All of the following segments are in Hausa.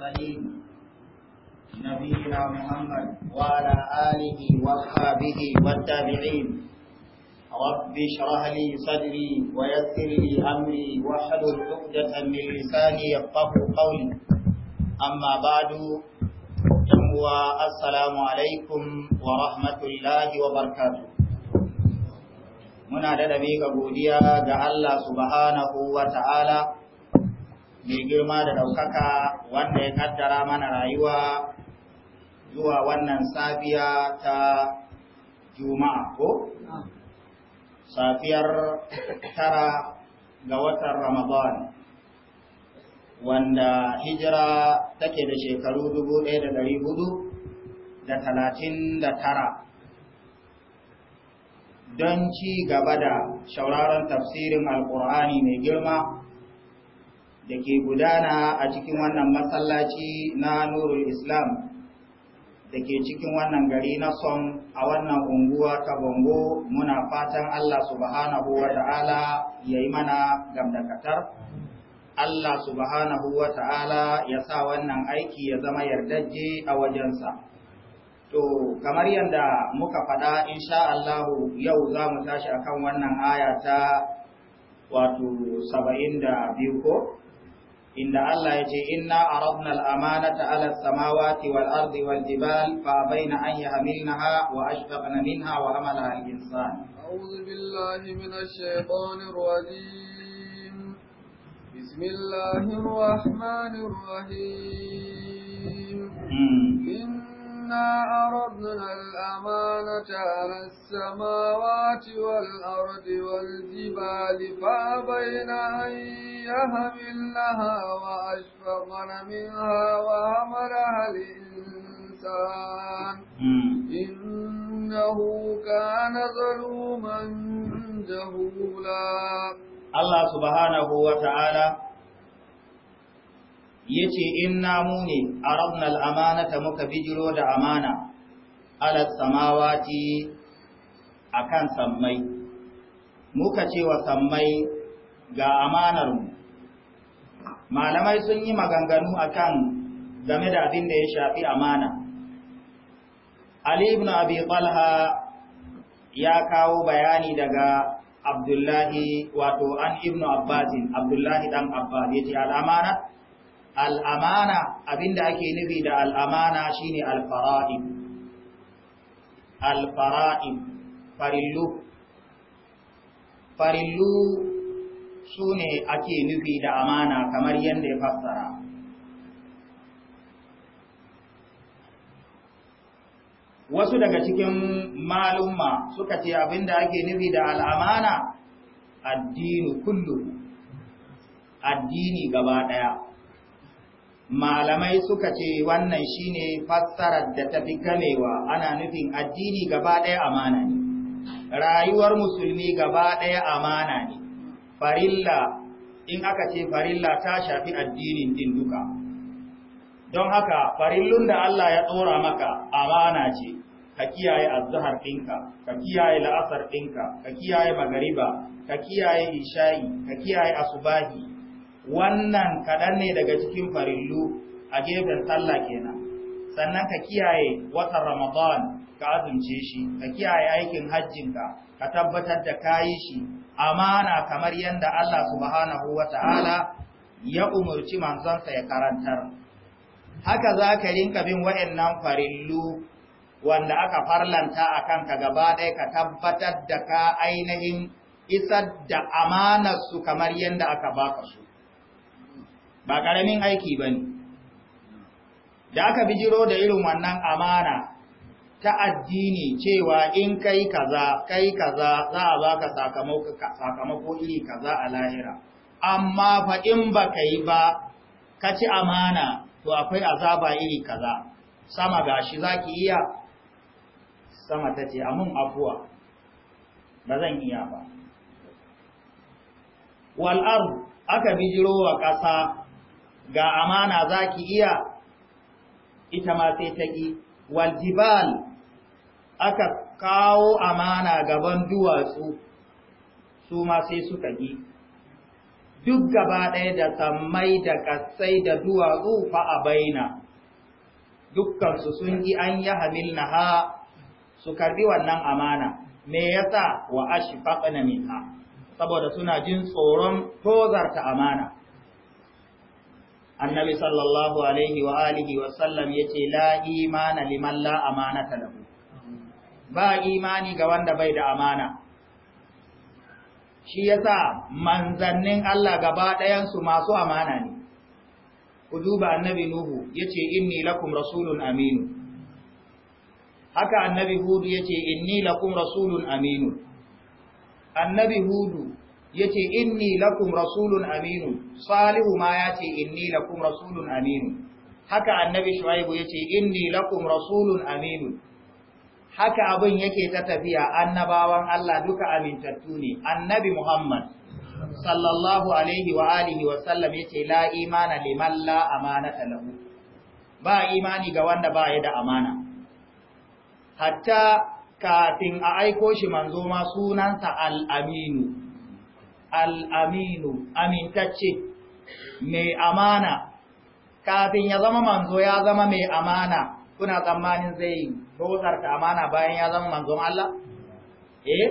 المرسلين نبينا محمد وعلى آله وصحبه والتابعين رب اشرح لي صدري ويسر لي أمري واحلل عقدة من لساني يفقه قولي أما بعد السلام عليكم ورحمة الله وبركاته muna da miƙa godiya ga Allah subhanahu wa ta'ala mai girma da ɗaukaka wanda ya kaddara mana rayuwa zuwa wannan safiya ta juma'a ko? safiyar tara ga watan ramadan wanda hijira take da shekaru da da talatin tara, don ci gaba da shauraron tafsirin Alƙur'ani mai girma da ke gudana a cikin wannan masallaci na nurul islam da ke cikin wannan gari na son a wannan unguwa ta bongo muna fatan allah subhanahu wa ta'ala ya yi mana gamdakatar allah subhanahu wa ta'ala ya sa wannan aiki ya zama yardajje a wajensa to kamar yadda muka faɗa insha allahu yau za mu tashi akan wannan aya ta wato saba'in da ko ان الله يجي ان اردنا الامانه على السماوات والارض والجبال فابين ان يحملنها واشفقن منها وحملها الانسان اعوذ بالله من الشيطان الرجيم بسم الله الرحمن الرحيم إنا أردنا الأمانة على السماوات والأرض والجبال فأبين أن يهملنها وأشفقن منها وأمرها الإنسان إنه كان ظلوما جهولا الله سبحانه وتعالى yace in mu ne a al-amanata muka bijiro da amana ala samawati akan sammai muka ce wa sammai ga amanar mu malamai sun yi maganganu akan game da abin da ya shafi amana Ali ibn Abi Talha ya kawo bayani daga Abdullahi wato an ibn Abbasin Abdullahi dan Abbas yace al-amana al'amana abinda ake nufi da al'amana shine alfara’in alfara’in farillu farillu su ne ake nufi da amana kamar yadda ya fassara wasu daga cikin malumma suka ce abinda ake nufi da al'amana addini kullum addini gaba ɗaya malamai suka ce wannan shine fassarar da ta fi gamewa ana nufin addini gaba ɗaya amana ne rayuwar musulmi gaba ɗaya amana ne farilla in aka ce farilla ta shafi addinin din duka don haka farillun da Allah ya tsora maka amana ce ka kiyaye azhar ɗinka ka kiyaye la'asar ɗinka ka kiyaye magariba ka kiyaye isha'i ka kiyaye asubahi wannan kaɗan ne daga cikin farillu a gefen sallah kenan sannan ka kiyaye watan ramadan ka azumce shi ka kiyaye aikin hajjinka ka tabbatar da kayi shi amana kamar yadda Allah subhanahu wata'ala ya umarci manzonsa ya karantar haka za ka rinka bin wa'annan farillu wanda aka farlanta a ka gaba ɗaya ka tabbatar da ka ainihin isar da su kamar yadda aka baka su ba ƙaramin aiki ba ne da aka bijiro da irin wannan amana ta addini cewa in kai kaza kai kaza za a baka sakamako iri kaza a lahira amma fa in ba ka yi ba ka ci amana to akwai azaba iri kaza sama gashi za ki iya sama ta ce amin afuwa ba zan iya ba wal'ar aka bijiro wa ƙasa ga amana zaki iya ita ma sai ta ki wal aka kawo amana gaban duwatsu su ma sai suka yi duk gaba ɗaya da sammai da katsai da duwatsu fa a baina dukkansu sun yi an ya hamil ha su karbi wannan amana me yasa wa ashfaqna minha saboda suna jin tsoron tozarta amana annabi sallallahu alaihi wa alihi wa sallam yace la imana liman la ta lahu ba imani ga wanda bai da amana shi yasa manzannin Allah gaba ɗayan masu amana ne ku duba annabi nuhu yace inni lakum rasulun aminu haka annabi hudu yace inni lakum rasulun aminu annabi hudu yace inni lakum rasulun aminu salihu ma yace inni lakum rasulun aminu haka annabi shuaibu yace inni lakum rasulun aminu haka abin yake ta tafiya annabawan Allah duka amintattu ne annabi Muhammad sallallahu alaihi wa alihi wa sallam yace la imana liman la amanata lahu ba imani ga wanda ba ya da amana hatta kafin a aiko shi manzo ma sunansa al-aminu al'aminu amintacce mai amana kafin ya zama manzo ya zama mai amana kuna tsammanin zai dozarta amana bayan ya zama manzon Allah eh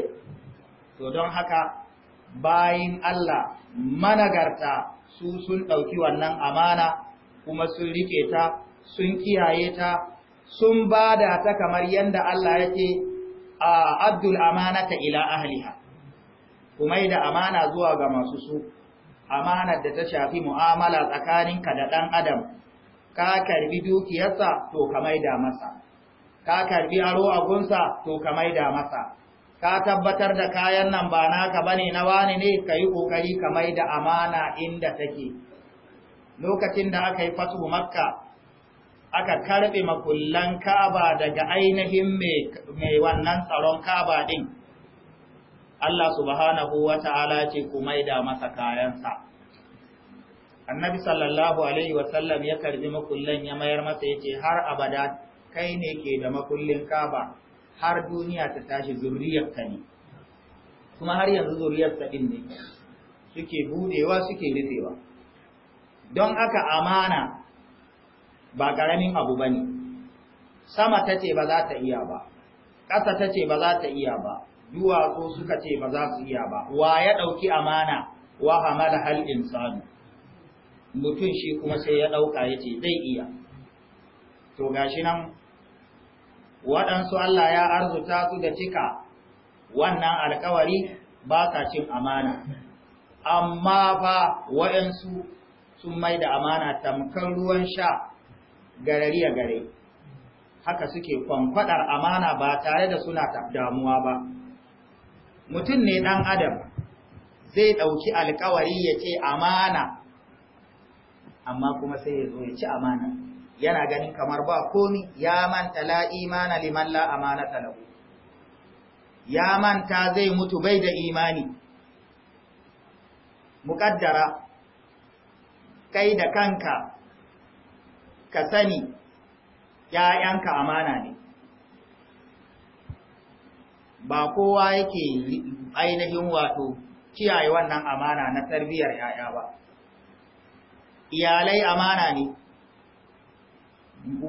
to don haka bayan Allah managarta su sun ɗauki wannan amana kuma sun rike ta sun kiyaye ta sun bada ta kamar yadda Allah yake a abdul amanata ila ahliha kuma da amana zuwa ga masu su amanar da ta shafi mu'amala tsakaninka da ɗan adam ka karbi dukiyarsa to ka mai da masa ka karbi aro agunsa to ka mai da masa ka tabbatar da kayan nan ba naka bane na wani ne ka yi kokari ka da amana inda take lokacin da aka yi fatu makka aka karbe makullan ka'aba daga ainihin mai wannan tsaron ka'aba ɗin. Allah subhanahu wa ta'ala ce ku maida masa kayansa. Annabi sallallahu Alaihi wasallam ya karbi makullin, ya mayar masa ya ce har abada kai ne ke da makullin kaba har duniya ta tashi zurriyarka ne, kuma har yanzu zurriyarsa ɗin ne suke budewa suke rufewa. Don aka amana ba ƙaramin abu ba ne, sama ta ce ba za ta iya ba, ƙasa ta ce ba za ta iya ba. duwatsu suka ce ba za su iya ba wa ya ɗauki amana wa hamala hal insanu mutum shi kuma sai ya ɗauka ya ce zai iya to gashi nan waɗansu Allah ya arzuta su da cika wannan alkawari ba sa cin amana amma fa waɗansu sun mai da amana tamkar ruwan sha garari a gare haka suke kwankwadar amana ba tare da suna damuwa ba mutum ne ɗan adam zai ɗauki alkawari ya ce amana amma kuma sai ya zo ya ci amana yana ganin kamar ba komi ya manta la imana liman la amana talabu ya manta zai mutu bai da imani muƙaddara kai da kanka ka sani ‘ya'yanka amana ne, ba kowa yake ainihin wato kiyaye wannan amana na tarbiyar ‘ya'ya ba. Iyalai amana ne,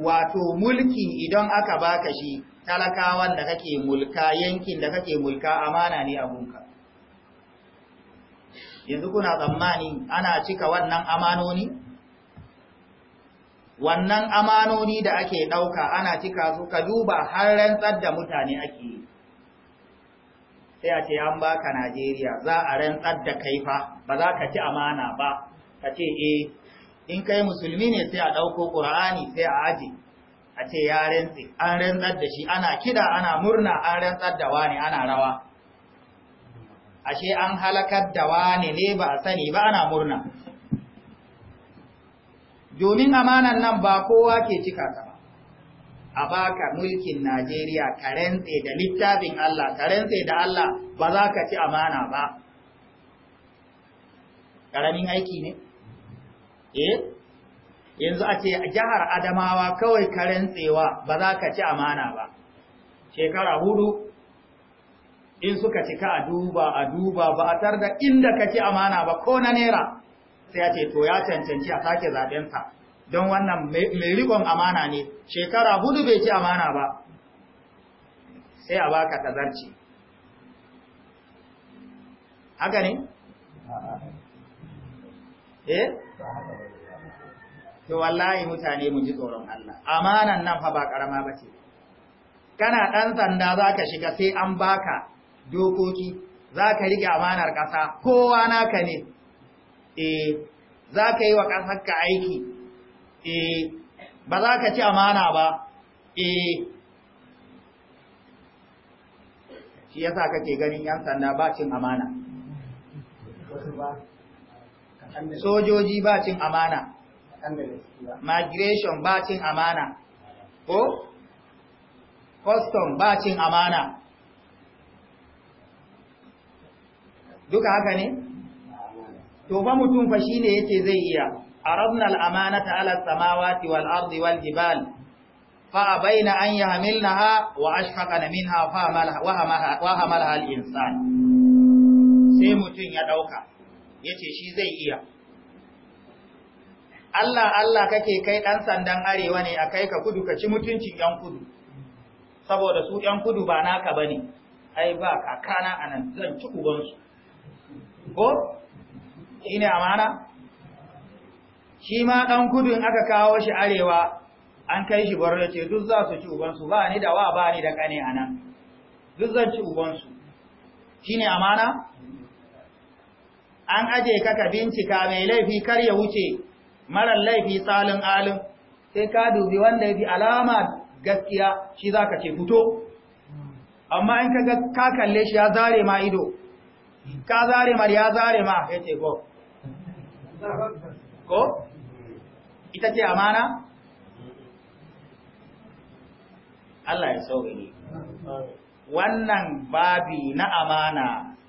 wato mulki idan aka baka shi talakawan da kake mulka yankin da kake mulka amana ne abunka. Yanzu kuna tsammani ana cika wannan amanoni? Wannan amanoni da ake ɗauka ana cika su ka duba har rantsar da mutane ake yi. sai a ce an baka Najeriya za a rantsar da kai fa ba za ka ci amana ba ka ce eh in kai musulmi ne sai a ɗauko ƙur'ani sai a aji a ce ya rantsi an rantsar da shi ana kida ana murna an rantsar da wani ana rawa ashe an halakar da wani ne ba a sani ba ana murna domin amanan nan ba kowa ke cika ta a baka mulkin Najeriya ka rantse da littafin Allah ka rantse da Allah ba za ka ci amana ba ƙaramin aiki ne eh yanzu a ce jihar Adamawa kawai ka rantsewa ba za ka ci amana ba shekara hudu in suka cika a duba a duba ba a tarda da inda ka ci amana ba ko na nera sai a ce to ya cancanci a sake zaɓensa don wannan mai rikon amana ne shekara hudu bai ci amana ba sai a baka tazarci haka ne? eh? to wallahi mutane mu ji tsoron Allah amanan nan fa ba karama ba ce kana ɗan sanda za ka shiga sai an baka dokoki za ka riƙe amanar ƙasa kowa naka ne eh za ka yi wa ka aiki eh ba za ka ci amana ba eh shi yasa kake ganin yan sanda ba cin amana sojoji ba cin amana migration ba cin amana ko custom ba cin amana duka haka ne to ba mutum fa shi shine yake zai iya عرضنا الأمانة على السماوات والأرض والجبال فأبين أن يهملنها وأشفقن منها وهملها الإنسان سيمتين يدوك يتشي زي إيا Allah Allah kake kai ɗan sandan arewa ne a kai ka kudu ka ci mutuncin ‘yan kudu, saboda su ‘yan kudu ba naka ba ne, ai ba kakana a nan zan ci ubansu. Ko? Shi ne amana? shi ma ɗan gudun aka kawo shi arewa an kai shi baro ce duk za su ci ubansu ba ni da wa ba ni da ƙane a nan duk zan ci ubansu shi ne amana an aje kaka bincika mai laifi kar ya wuce marar laifi tsalin alin sai ka dubi wanda ya bi alama gaskiya shi za ka ce fito amma in ka ka kalle shi ya zare ma ido ka zare mar ya zare ma ya ce ko ita ce amana Allah ya saurari wannan babi na amana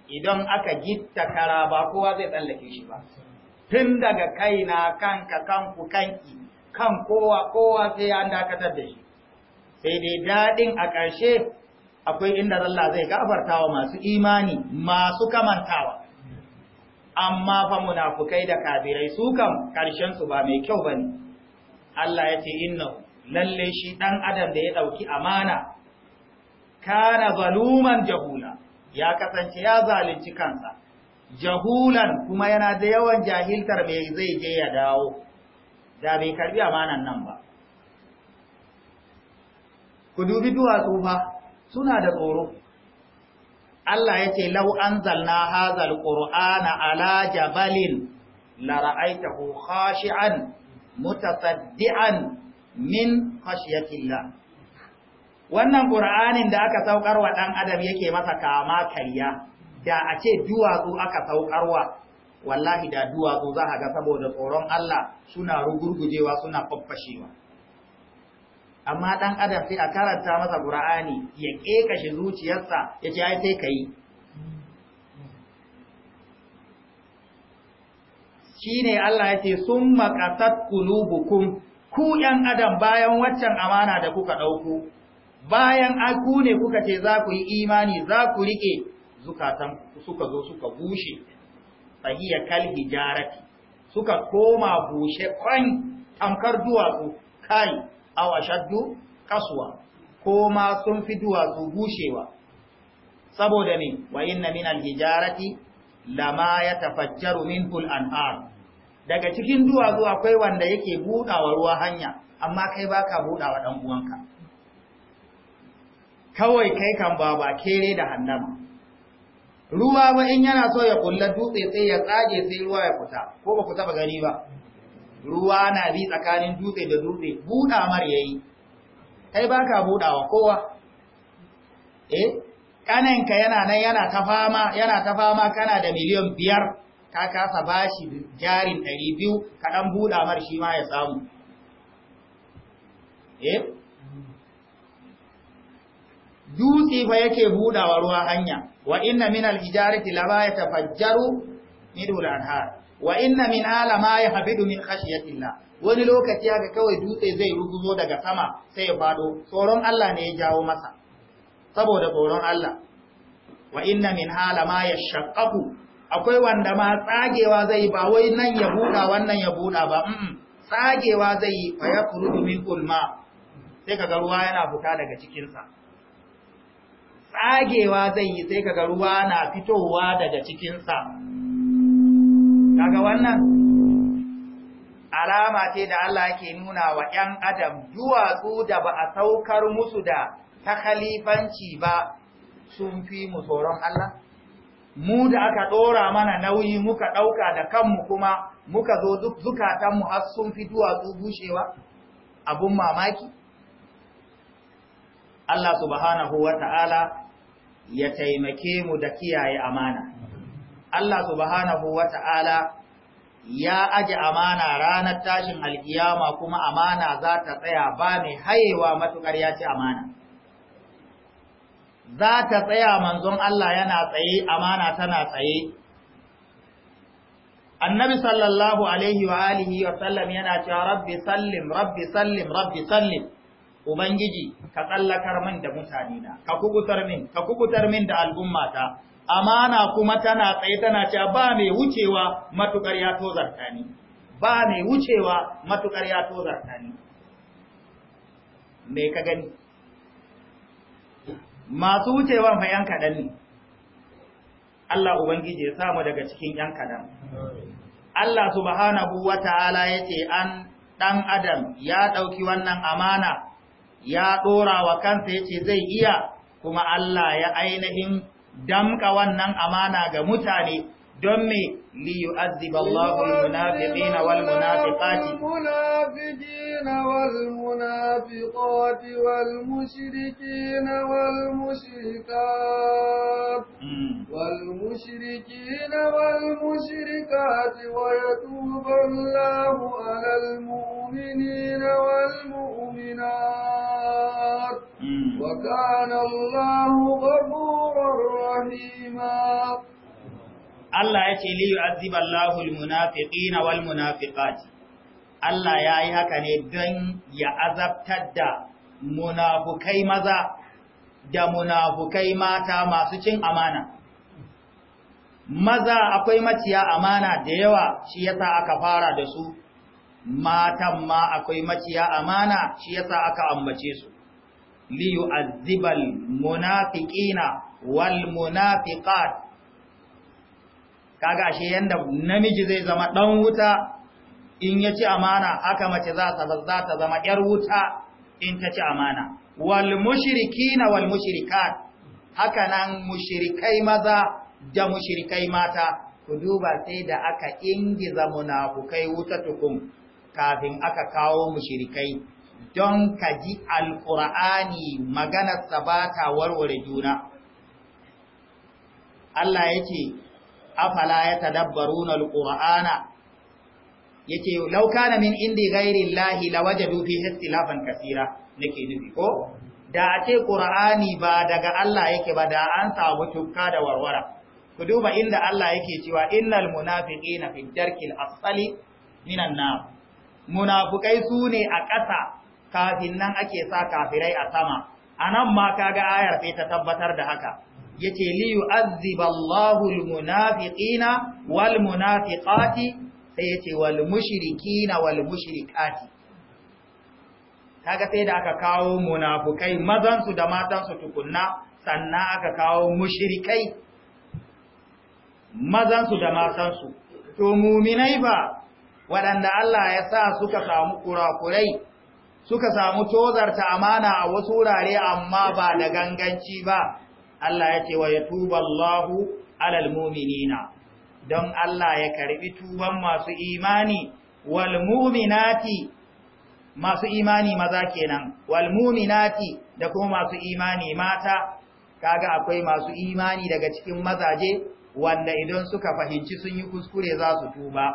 idan aka gitta kara ba kowa zai tsallake shi ba tun daga kai na kanka kanku kanki kan kowa kowa sai ya dakatar da shi sai dai daɗin a ƙarshe akwai inda Allah zai gafarta wa masu imani masu kamantawa amma fa munafukai da kafirai su kam karshen su ba mai kyau bane Allah ya ce inna lalle shi ɗan adam da ya ɗauki amana kana zaluman jahula ya kasance ya zalunci kansa jahulan kuma yana da yawan jahiltar me zai je ya dawo da bai karbi amanan nan ba ku dubi duwatsu ba suna da tsoro Allah ya ce lau zalna hazal qur'ana ala jabalin la ra'aytahu mutasaddian min khashyatillah wannan qur'anin da aka saukar wa ɗan adam yake masa kama karya da a ce duwatsu aka saukarwa wallahi da duwatsu za a ga saboda tsoron Allah suna rugurgujewa suna faffashewa amma dan adam sai a karanta masa qur'ani ya shi zuciyarsa ya ce ai sai kai shine Allah ya ce summa qatat qulubukum ku yan adam bayan waccan amana da kuka dauko bayan ku ne kuka ce za ku yi imani za ku rike zukatan suka zo suka bushe fahiya kal hijarati suka koma bushe kwan tamkar duwatsu kai awa shaddu kaswa ko ma sun fi duwatsu bushewa saboda ne wa inna min alhijarati lama yatafajjaru min kul anhar daga cikin duwatsu akwai wanda yake budawa ruwa hanya amma kai baka budawa dan uwanka kawai kai kan baba kere da hannama ruwa ba in yana so ya kulla dutse sai ya tsage sai ruwa ya fita ko ba ku taba gani ba ruwa na bi tsakanin dutse da dutse buɗa mar yayi kai baka buɗawa kowa eh kananka yana nan yana ta fama yana ta fama kana da miliyan biyar ka kasa bashi jarin ɗari biyu ka dan buɗa mar shi ma ya samu eh dutse fa yake buɗawa ruwa hanya wa inna min al-ijarati la ba yatafajjaru midul anhar wa inna min ala ma habidu min khashyatillah wani lokaci haka kawai dutse zai ruguzo daga sama sai ya fado tsoron Allah ne ya jawo masa saboda tsoron Allah wa inna min ala ma yashaqqaqu akwai wanda ma tsagewa zai ba wai nan ya buɗa wannan ya buɗa ba tsagewa zai yi ya yakhruju min ulma sai kaga ruwa yana fita daga cikin sa tsagewa zai yi sai kaga ruwa na fitowa daga cikin sa kaga wannan alama ce da Allah yake nuna wa ‘yan adam duwatsu da ba a saukar musu da ta khalifanci ba sun fi mu tsoron Allah? Mu da aka ɗora mana nauyi muka ɗauka da kanmu kuma muka zo duk zukatanmu har sun fi duwatsu bushewa abun mamaki? Allah subhanahu wa ta'ala ya taimake mu da kiyaye amana. Allah subhanahu wa ta'ala ya aji amana ranar tashin alkiyama kuma amana za ta tsaya ba mai hayewa matukar ya ci amana. Za ta tsaya manzon Allah yana tsaye amana tana tsaye. Annabi sallallahu Alaihi wa alihi wa sallam yana cewa rabbi sallim, rabbi sallim, rabbi sallim, Ubangiji ka tsallakar min da mutanena, ka kubutar min, ka kubutar min da al'ummata, amana kuma tana tsaye tana cewa ba mai wucewa matukar ya tozarta ni ba mai wucewa matukar ya tozarta ni me ka gani masu wucewa fa yan kadan ne Allah ubangiji ya samu daga cikin yan kadan Allah subhanahu ya ce an dan adam ya dauki wannan amana ya dora wa kansa ya ce zai iya kuma Allah ya ainihin damka wannan amana ga mutane دمي ليؤذب الله المنافقين والمنافقات المنافقين والمنافقات والمشركين والمشركات والمشركين والمشركات ويتوب الله على المؤمنين والمؤمنات وكان الله غفورا رحيما Allah ya ce liyu aziballahu munafiqina wal munafiqati Allah ya yi haka ne don ya azabtar da munafukai maza da munafukai mata masu cin amana maza akwai maciya amana da yawa shi yasa aka fara da su matan ma akwai maciya amana shi yasa aka ambace su li al munafiqina wal munafiqat kaga ashe yanda namiji zai zama dan wuta in ya ci amana haka mace za ta zama yar wuta in ta ci amana wal mushrikina wal mushrikat haka nan mushrikai maza da mushrikai mata ku duba sai da aka ingiza munafukai wuta tukun kafin aka kawo mushrikai don ka ji alƙur'ani maganar sabata warware juna Allah yake afala ya yatadabbaruna alqur'ana yake law kana min indi ghairi llahi lawajadu fihi ikhtilafan kasira nake nufi ko da ce qur'ani ba daga Allah yake ba da an samu tukka da warwara ku duba inda Allah yake cewa innal munafiqina fi darkil asfali minan nar munafukai su ne a ƙasa kafin nan ake sa kafirai a sama a nan ma kaga ayar sai ta tabbatar da haka yace li yu'adhiba Allahu al-munafiqina wal munafiqati sai yace wal mushrikina wal mushrikati kaga sai da aka kawo munafukai mazan su da matan su tukunna sannan aka kawo mushrikai mazan su da matan su to muminai ba waɗanda Allah ya sa suka samu kurakurai suka samu tozarta amana a wasu wurare amma ba da ganganci ba Allah ya ce wa ya tuba Allahu alal muminina don Allah ya karbi tuban masu imani wal muminati masu imani maza kenan wal muminati da kuma masu imani mata kaga akwai masu imani daga cikin mazaje wanda idan suka fahimci sun yi kuskure za su tuba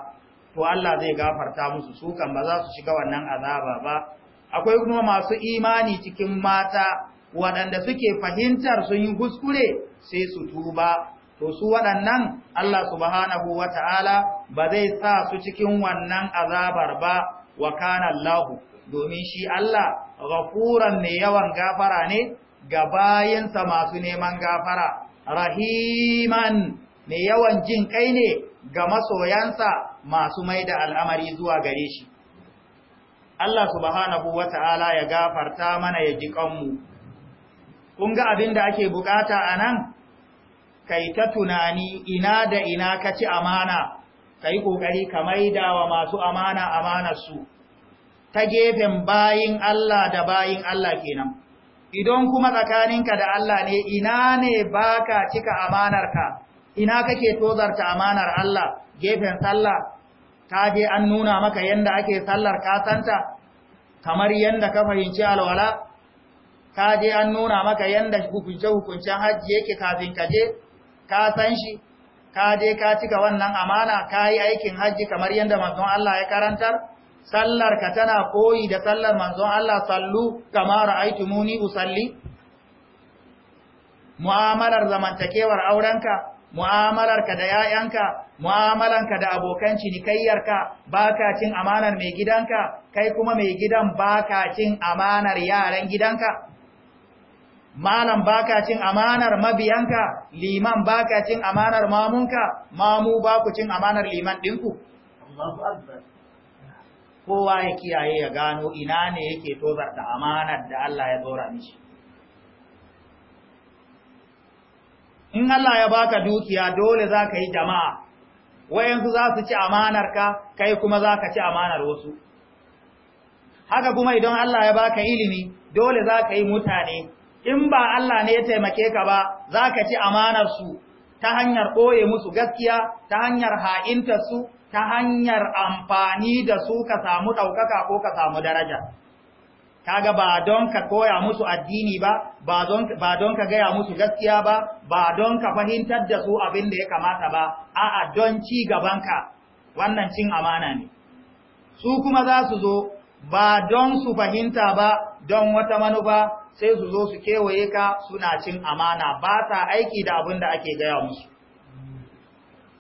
to Allah zai gafarta musu su kan ba za su shiga wannan azaba ba akwai kuma masu imani cikin mata waɗanda suke fahimtar sun yi kuskure sai su tuba to su waɗannan Allah subhanahu wata'ala ba zai sa su cikin wannan azabar ba wa kana Allah domin shi Allah rafuran mai yawan gafara ne ga bayansa masu neman gafara rahiman mai yawan jin kai ne ga masoyansa masu mai da al'amari zuwa gare shi Allah subhanahu ta’ala ya gafarta mana ya ji kanmu kun ga abin da ake bukata a nan kai ta tunani ina da ina ka ci amana ka yi ƙoƙari ka maida wa masu amana amanarsu ta gefen bayin Allah da bayin Allah kenan idan kuma tsakaninka da Allah ne ina ne baka cika amanarka ina kake tozarta amanar Allah gefen sallah ta je an nuna maka yadda ake sallar kasanta, kamar yadda ka fahimci alwala ka je an nuna maka yadda hukunce-hukuncen hajji yake kafin ka je ka san shi ka je ka cika wannan amana ka yi aikin hajji kamar yadda manzon Allah ya karantar sallar ka tana koyi da sallar manzon Allah sallu kamar muni usalli mu'amalar zamantakewar aurenka mu'amalar ka da ‘ya'yanka, ka da abokan cinikayyarka, baka cin amanar mai gidanka, kai kuma mai gidan baka cin amanar yaran gidanka? malam baka cin amanar mabiyanka liman baka cin amanar mamunka mamu ba ku cin amanar liman ɗinku kowa ya kiyaye ya gano ina ne yake tozarta amanar da Allah ya dora mishi in Allah ya baka dukiya dole za ka yi jama'a wayansu za su ci amanar ka kai kuma za ka ci amanar wasu haka kuma idan Allah ya baka ilimi dole za ka yi mutane in ba Allah ne ya taimake ka ba za ka ci amanar su ta hanyar ɓoye musu gaskiya ta hanyar su, ta hanyar amfani da su ka samu ɗaukaka ko ka samu daraja kaga ba don ka koya musu addini ba ba don ka gaya musu gaskiya ba ba don ka fahimtar da su abin da ya kamata ba a'a don ci gabanka wannan cin amana ne su kuma za su zo ba don su fahimta ba don wata manufa sai su zo su kewaye ka suna cin amana ba sa aiki da abin da ake gaya musu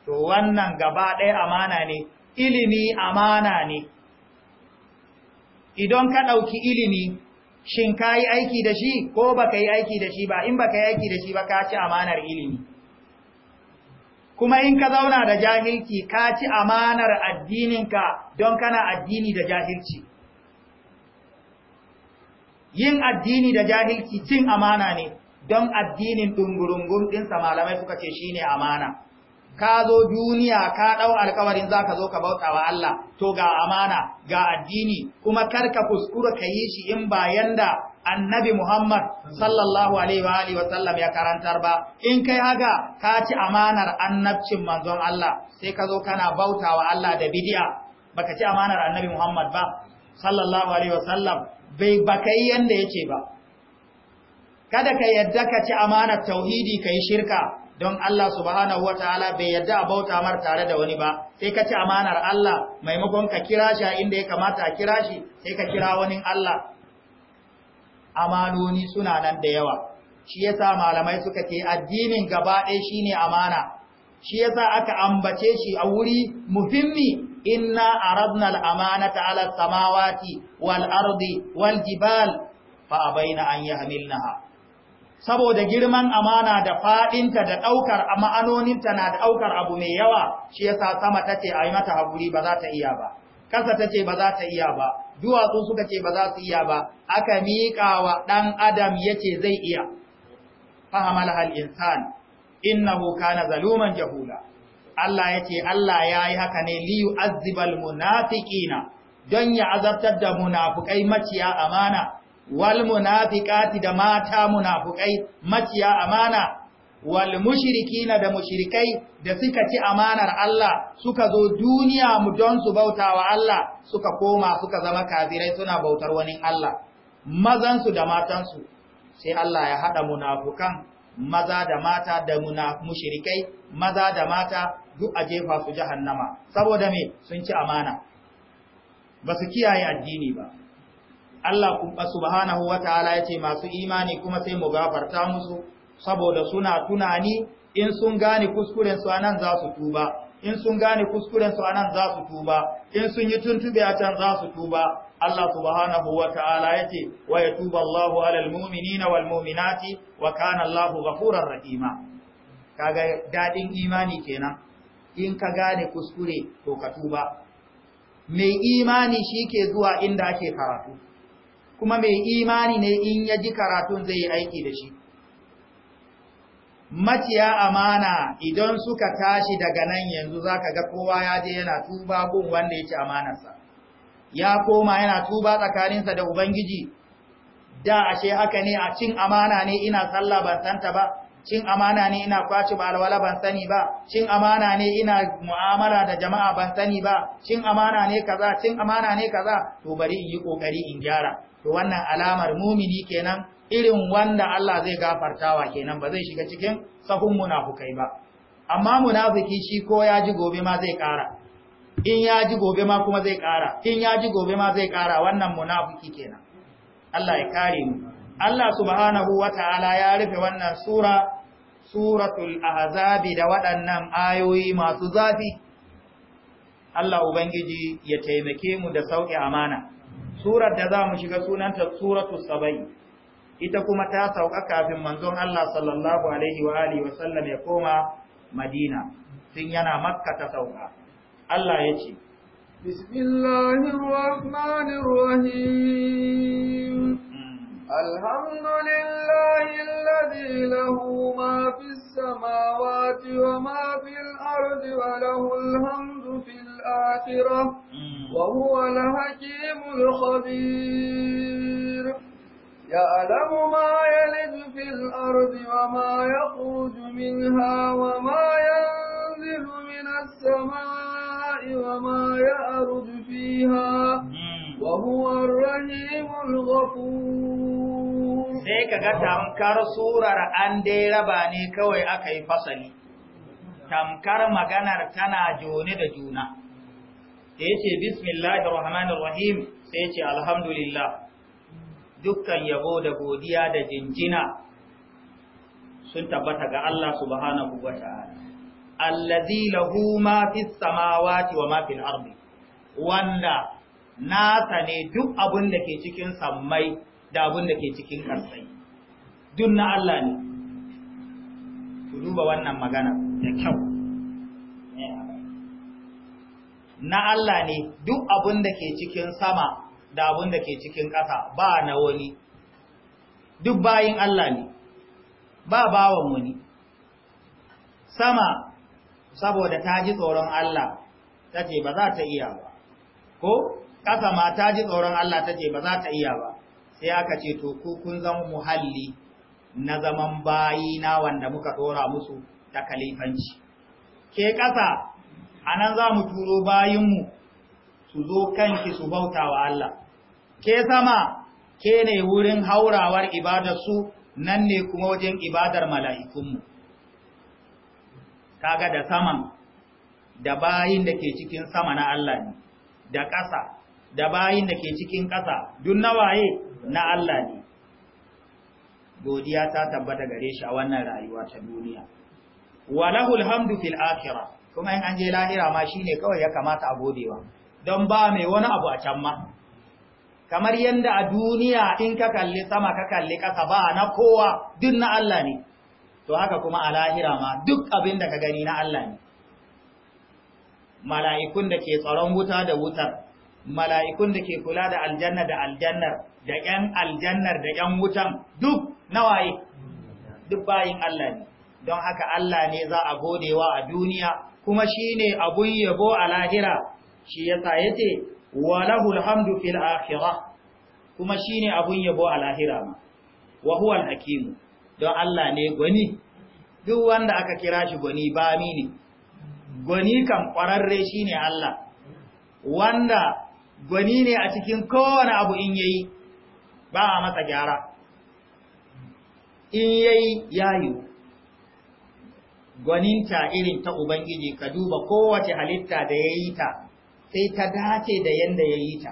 to wannan gaba ɗaya amana ne ilimi amana ne idan ka ɗauki ilimi shin ka yi aiki da shi ko ba ka yi aiki da shi ba in ba ka yi aiki da shi ba ka ci amanar ilimi kuma in ka zauna da jahilci ka ci amanar addininka don kana addini da jahilci yin addini da jahilci cin amana ne don addinin ɗungurungun ɗinsa malamai suka ce shine amana ka zo duniya ka ɗau alkawarin za ka zo ka bauta wa Allah to ga amana ga addini kuma karka kuskura ka yi shi in ba yanda annabi Muhammad sallallahu alaihi wasallam ya karantar ba in kai haga ka ci amanar annabcin manzon Allah sai ka zo kana bauta wa Allah da bid'a baka ci amanar annabi Muhammad ba sallallahu alaihi wasallam bai bakai yi yanda yake ba kada ka yadda ka ci amanar tauhidi ka yi shirka don Allah subhanahu wa ta'ala bai yadda a bauta mar tare da wani ba sai ka ci amanar Allah maimakon ka kira shi a inda ya kamata a kira shi sai ka kira wani Allah amanoni suna nan da yawa shi yasa malamai suka ce addinin gaba ɗaya shine amana shi yasa aka ambace shi a wuri muhimmi inna arabna al'amanata ala samawati wal ardi wal jibal fa abaina an saboda girman amana da fadinta da daukar ma'anoninta na da daukar abu mai yawa shi yasa sama tace ai mata hakuri ba za ta iya ba kasa ce ba za ta iya ba duwatsu suka ce ba za su iya ba aka miƙa wa ɗan adam yace zai iya fahamal hal insan innahu kana zaluman jahula Allah ya ce Allah ya yi haka ne liyu azibal munafiƙina don ya azabtar da munafukai maciya amana wal munafiqati da mata munafukai maciya amana wal mushrikina da mushrikai da suka ci amanar Allah suka zo duniya mu don su bautawa Allah suka koma suka zama kafirai suna bautar wani Allah Mazansu da matansu sai Allah ya haɗa munafukan maza da mata da mushrikai maza da mata duk a jefa su jahannama saboda me sun ci amana ba su kiyaye addini ba Allah subhanahu wataala yace masu imani kuma sai mu gafarta musu saboda suna tunani in sun gane kuskuren su anan za su tuba in sun gane kuskuren su anan za su tuba in sun yi tuntube a can za su tuba Allah subhanahu wataala yace wa tuba Allahu ala almu'minina wal mu'minati wa kana Allahu ghafurar rahima kaga dadin imani kenan in ka gane kuskure to ka tuba mai imani shi ke zuwa inda ake karatu kuma mai imani ne in ya ji karatun zai yi aiki da shi maciya amana idan suka tashi daga nan yanzu zaka ga kowa ya je yana tuba gun wanda ya ci amanarsa ya koma yana tuba tsakaninsa da ubangiji da ashe haka ne a cin amana ne ina sallah ban santa ba cin amana ne ina kwaci alwala ban sani ba cin amana ne ina mu'amala da jama'a ban sani ba cin amana ne kaza cin amana ne kaza to bari in yi kokari in gyara to wannan alamar mumini kenan irin wanda Allah zai gafartawa kenan ba zai shiga cikin sahun munafukai ba amma munafiki shi ko ya ji gobe ma zai kara in ya ji gobe ma kuma zai kara in ya ji gobe ma zai kara wannan munafiki kenan Allah ya kare mu Allah subhanahu wa ta'ala ya rufe wannan sura suratul ahzabi da waɗannan ayoyi masu zafi Allah ubangiji ya taimake mu da sauki amana surar da za mu shiga sunanta suratul sabai ita kuma ta sauka kafin manzon Allah sallallahu alaihi wa alihi wa sallam ya koma Madina tun yana Makka ta sauka Allah ya ce Bismillahir Rahmanir Rahim الحمد لله الذي له ما في السماوات وما في الأرض وله الحمد في الآخرة وهو الحكيم الخبير يعلم ما يلد في الأرض وما يخرج منها وما ينزل من السماء وما يعرج فيها وهو الرحيم الغفور sai kaga tamkar surar an dai raba ne kawai aka yi fasali tamkar maganar tana jone da juna sai yace bismillahir rahmanir rahim sai yace alhamdulillah dukkan yabo da godiya da jinjina sun tabbata ga Allah subhanahu wataala allazi lahu ma fis samawati wa ma fil ardi wanda nasa ne duk abin da ke cikin sammai da abin da ke cikin ƙarsai duk na Allah ne ku duba wannan magana da kyau eh, na Allah ne duk abin da ke cikin sama da abin da ke cikin ƙasa ba na wani duk bayin Allah ne ba bawan wani sama saboda ta ji tsoron Allah ta ce ba za ta iya ba ko ƙasa mata ji tsoron Allah ta ce ba za ta iya ba sai aka ce to ku kun zama muhalli na zaman bayi na wanda muka ɗora musu ta kalifanci ke ƙasa a nan za mu turo bayinmu su zo kanki su bauta wa Allah ke sama ke ne wurin haurawar su nan ne kuma wajen ibadar mala'ikunmu kaga da saman da bayin da ke cikin sama na Allah ne da ƙasa da bayin da ke cikin ƙasa duk nawaye na Allah ne godiya ta tabbata gare shi a wannan rayuwa ta duniya walahul hamdu fil akhirah kuma in an je lahira ma shine kawai ya kamata a godewa don ba mai wani abu a can ma kamar yadda a duniya in ka kalli sama ka kalli ƙasa ba na kowa duk na Allah ne to haka kuma a lahira ma duk abin da ka gani na Allah ne mala'ikun da ke tsaron wuta da wutar mala'ikun da ke kula da aljanna da aljannar da ‘yan aljannar da ‘yan wutan duk nawaye duk bayin Allah ne don haka Allah ne za a godewa a duniya kuma shi ne abun yabo a lahira shi ya sa ce wa lahul hamdu fil akhirah kuma shi ne abun yabo a lahira ma wa huwal hakim don Allah ne gwani duk wanda aka kira shi gwani ba ne gwani kan ƙwararre shine Allah wanda gwani ne a cikin kowane abu in yayi ba a masa gyara in yayi yayu gwaninta irin ta ubangiji ka duba kowace halitta da yayi ta sai ta dace da yanda yayi ta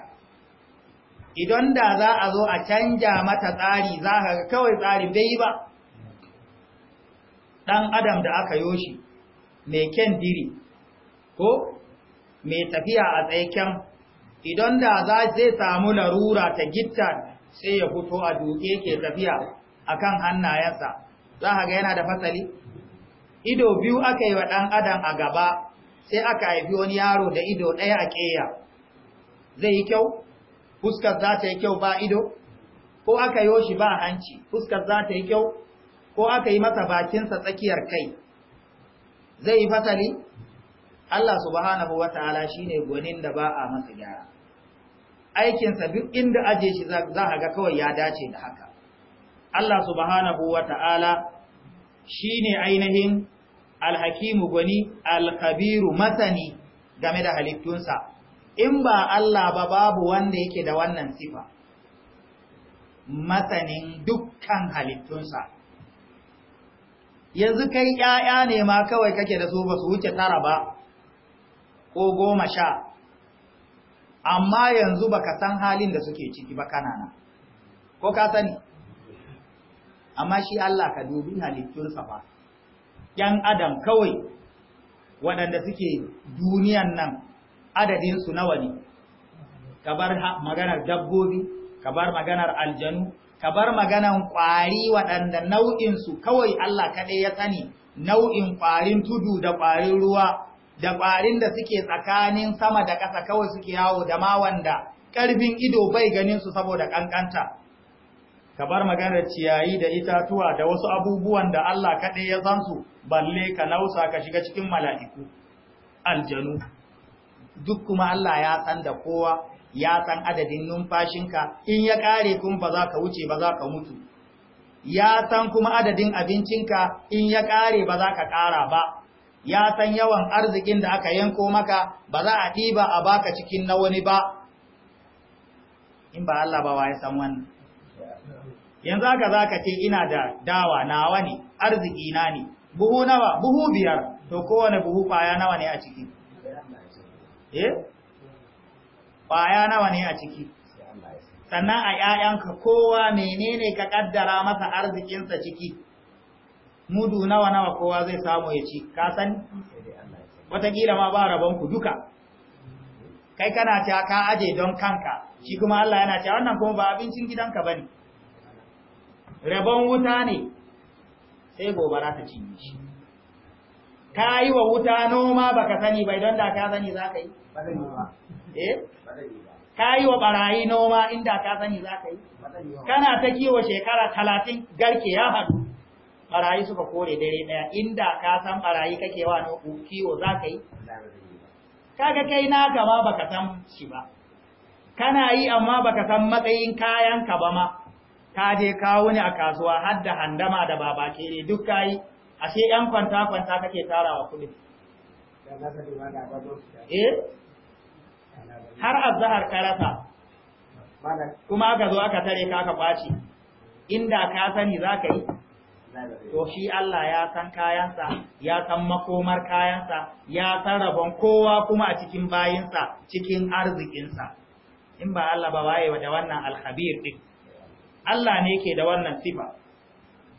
idan da za a zo a canja mata tsari za ka kawai tsari bai ba ɗan adam da aka yoshi mai kyan diri ko mai tafiya a tsaye kyan idan da za zai samu larura ta gitta sai ya fito a duke ke tafiya akan hannayensa za ka ga yana da fasali ido biyu aka yi wa ɗan adam a gaba sai aka haifi wani yaro da ido ɗaya a ƙeya zai yi kyau fuskar za ta yi kyau ba ido ko aka yi shi ba hanci fuskar za ta yi kyau ko aka yi masa bakinsa tsakiyar kai zai yi fasali Allah subhanahu wa ta'ala shi ne gwanin da ba a masa gyara aikinsa duk inda aje shi za a ga kawai ya dace da haka Allah subhanahu wa ta'ala shi ne ainihin alhakimu gwani alkabiru masani game da halittunsa in ba Allah ba babu wanda yake da wannan sifa masanin dukkan halittunsa yanzu kai ‘ya'ya ne ma kawai kake da su ba su wuce tara ba ko goma sha amma yanzu baka san halin da suke ciki ba kanana ko ka sani amma shi Allah ka dubi halittunsa ba ‘yan adam kawai waɗanda suke duniyan nan adadinsu nawa ne ka bar maganar dabbobi ka bar maganar aljanu ka bar maganar ƙwari waɗanda nau'insu kawai Allah kaɗai ya sani nau'in ƙwarin tudu da ƙwarin ruwa da ƙwarin da suke tsakanin sama da ƙasa kawai suke yawo da ma wanda ƙarfin ido bai ganin su saboda ƙanƙanta ka bar maganar ciyayi da itatuwa da wasu abubuwan da Allah kaɗai ya san su balle ka nausa ka shiga cikin mala'iku aljanu duk kuma Allah ya san da kowa ya san adadin numfashinka in ya kare kun ba za ka wuce ba za ka mutu ya san kuma adadin abincinka in ya ƙare ba za ka ƙara ba ya san yawan arzikin da aka yanko maka ba za a ɗiba a baka cikin na wani ba in ba Allah ba wa ya san wannan yanzu haka za ka ce ina da dawa nawa ne arziki na ne buhu nawa buhu biyar to kowane buhu kwaya nawa ne a ciki eh? kwaya nawa ne a ciki sannan a 'ya'yanka kowa menene ka kaddara masa arzikinsa ciki mudu nawa nawa kowa zai samu ya ci kasan watakila ma ba rabonku duka kai kana ta ka aje don kanka shi kuma Allah yana ta wannan kuma ba abincin gidanka ba ne rabon wuta ne sai gobara ta ci shi ka yi wa wuta noma baka sani bai don da ka sani za ka yi eh? ka yi wa barayi noma inda ka sani za ka yi kana ta kiwo shekara talatin garke ya haɗu barayi suka kore dare daya inda ka san barayi kake wa no kiwo za ka yi kaga kai naka ba baka san shi ba kana yi amma baka san matsayin kayan ka ba ma ka je kawo ne a kasuwa har da handama da babake kere duk kayi ashe yan kwanta kwanta kake tarawa kudin eh har azhar ka rasa kuma aka zo aka tare ka aka kwaci inda ka sani za ka yi to shi Allah ya san kayansa ya san makomar kayansa ya san rabon kowa kuma a cikin bayinsa cikin arzikinsa in ba Allah ba waye da wannan alhabir din Allah ne ke da wannan sifa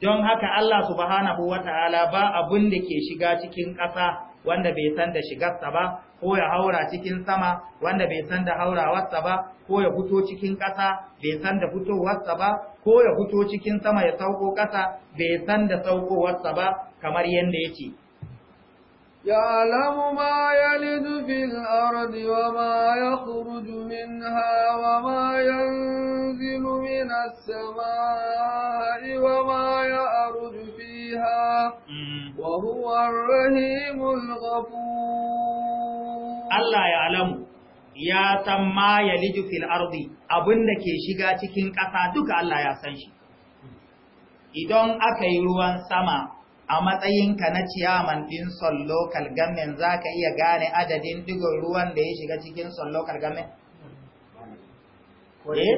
don haka Allah subhanahu wataala ba abun da ke shiga cikin ƙasa wanda bai san da shigarsa ba ko ya haura cikin sama wanda bai san da haurawarsa ba ko ya fito cikin ƙasa bai san da fitowarsa ba ko ya fito cikin sama ya sauko ƙasa bai san da saukowarsa ba kamar yadda yake يعلم ما يلد ma الأرض وما يخرج منها وما ينزل من السماء وما يعرج فيها وهو الرحيم الغفور الله يعلم ya تما يلج ya الارض fil ke shiga cikin ƙasa duka Allah ya san shi idan aka yi ruwan sama a matsayinka na ciyaman din sol local government za ka iya gane adadin digon ruwan da ya shiga cikin sol local government ko eh?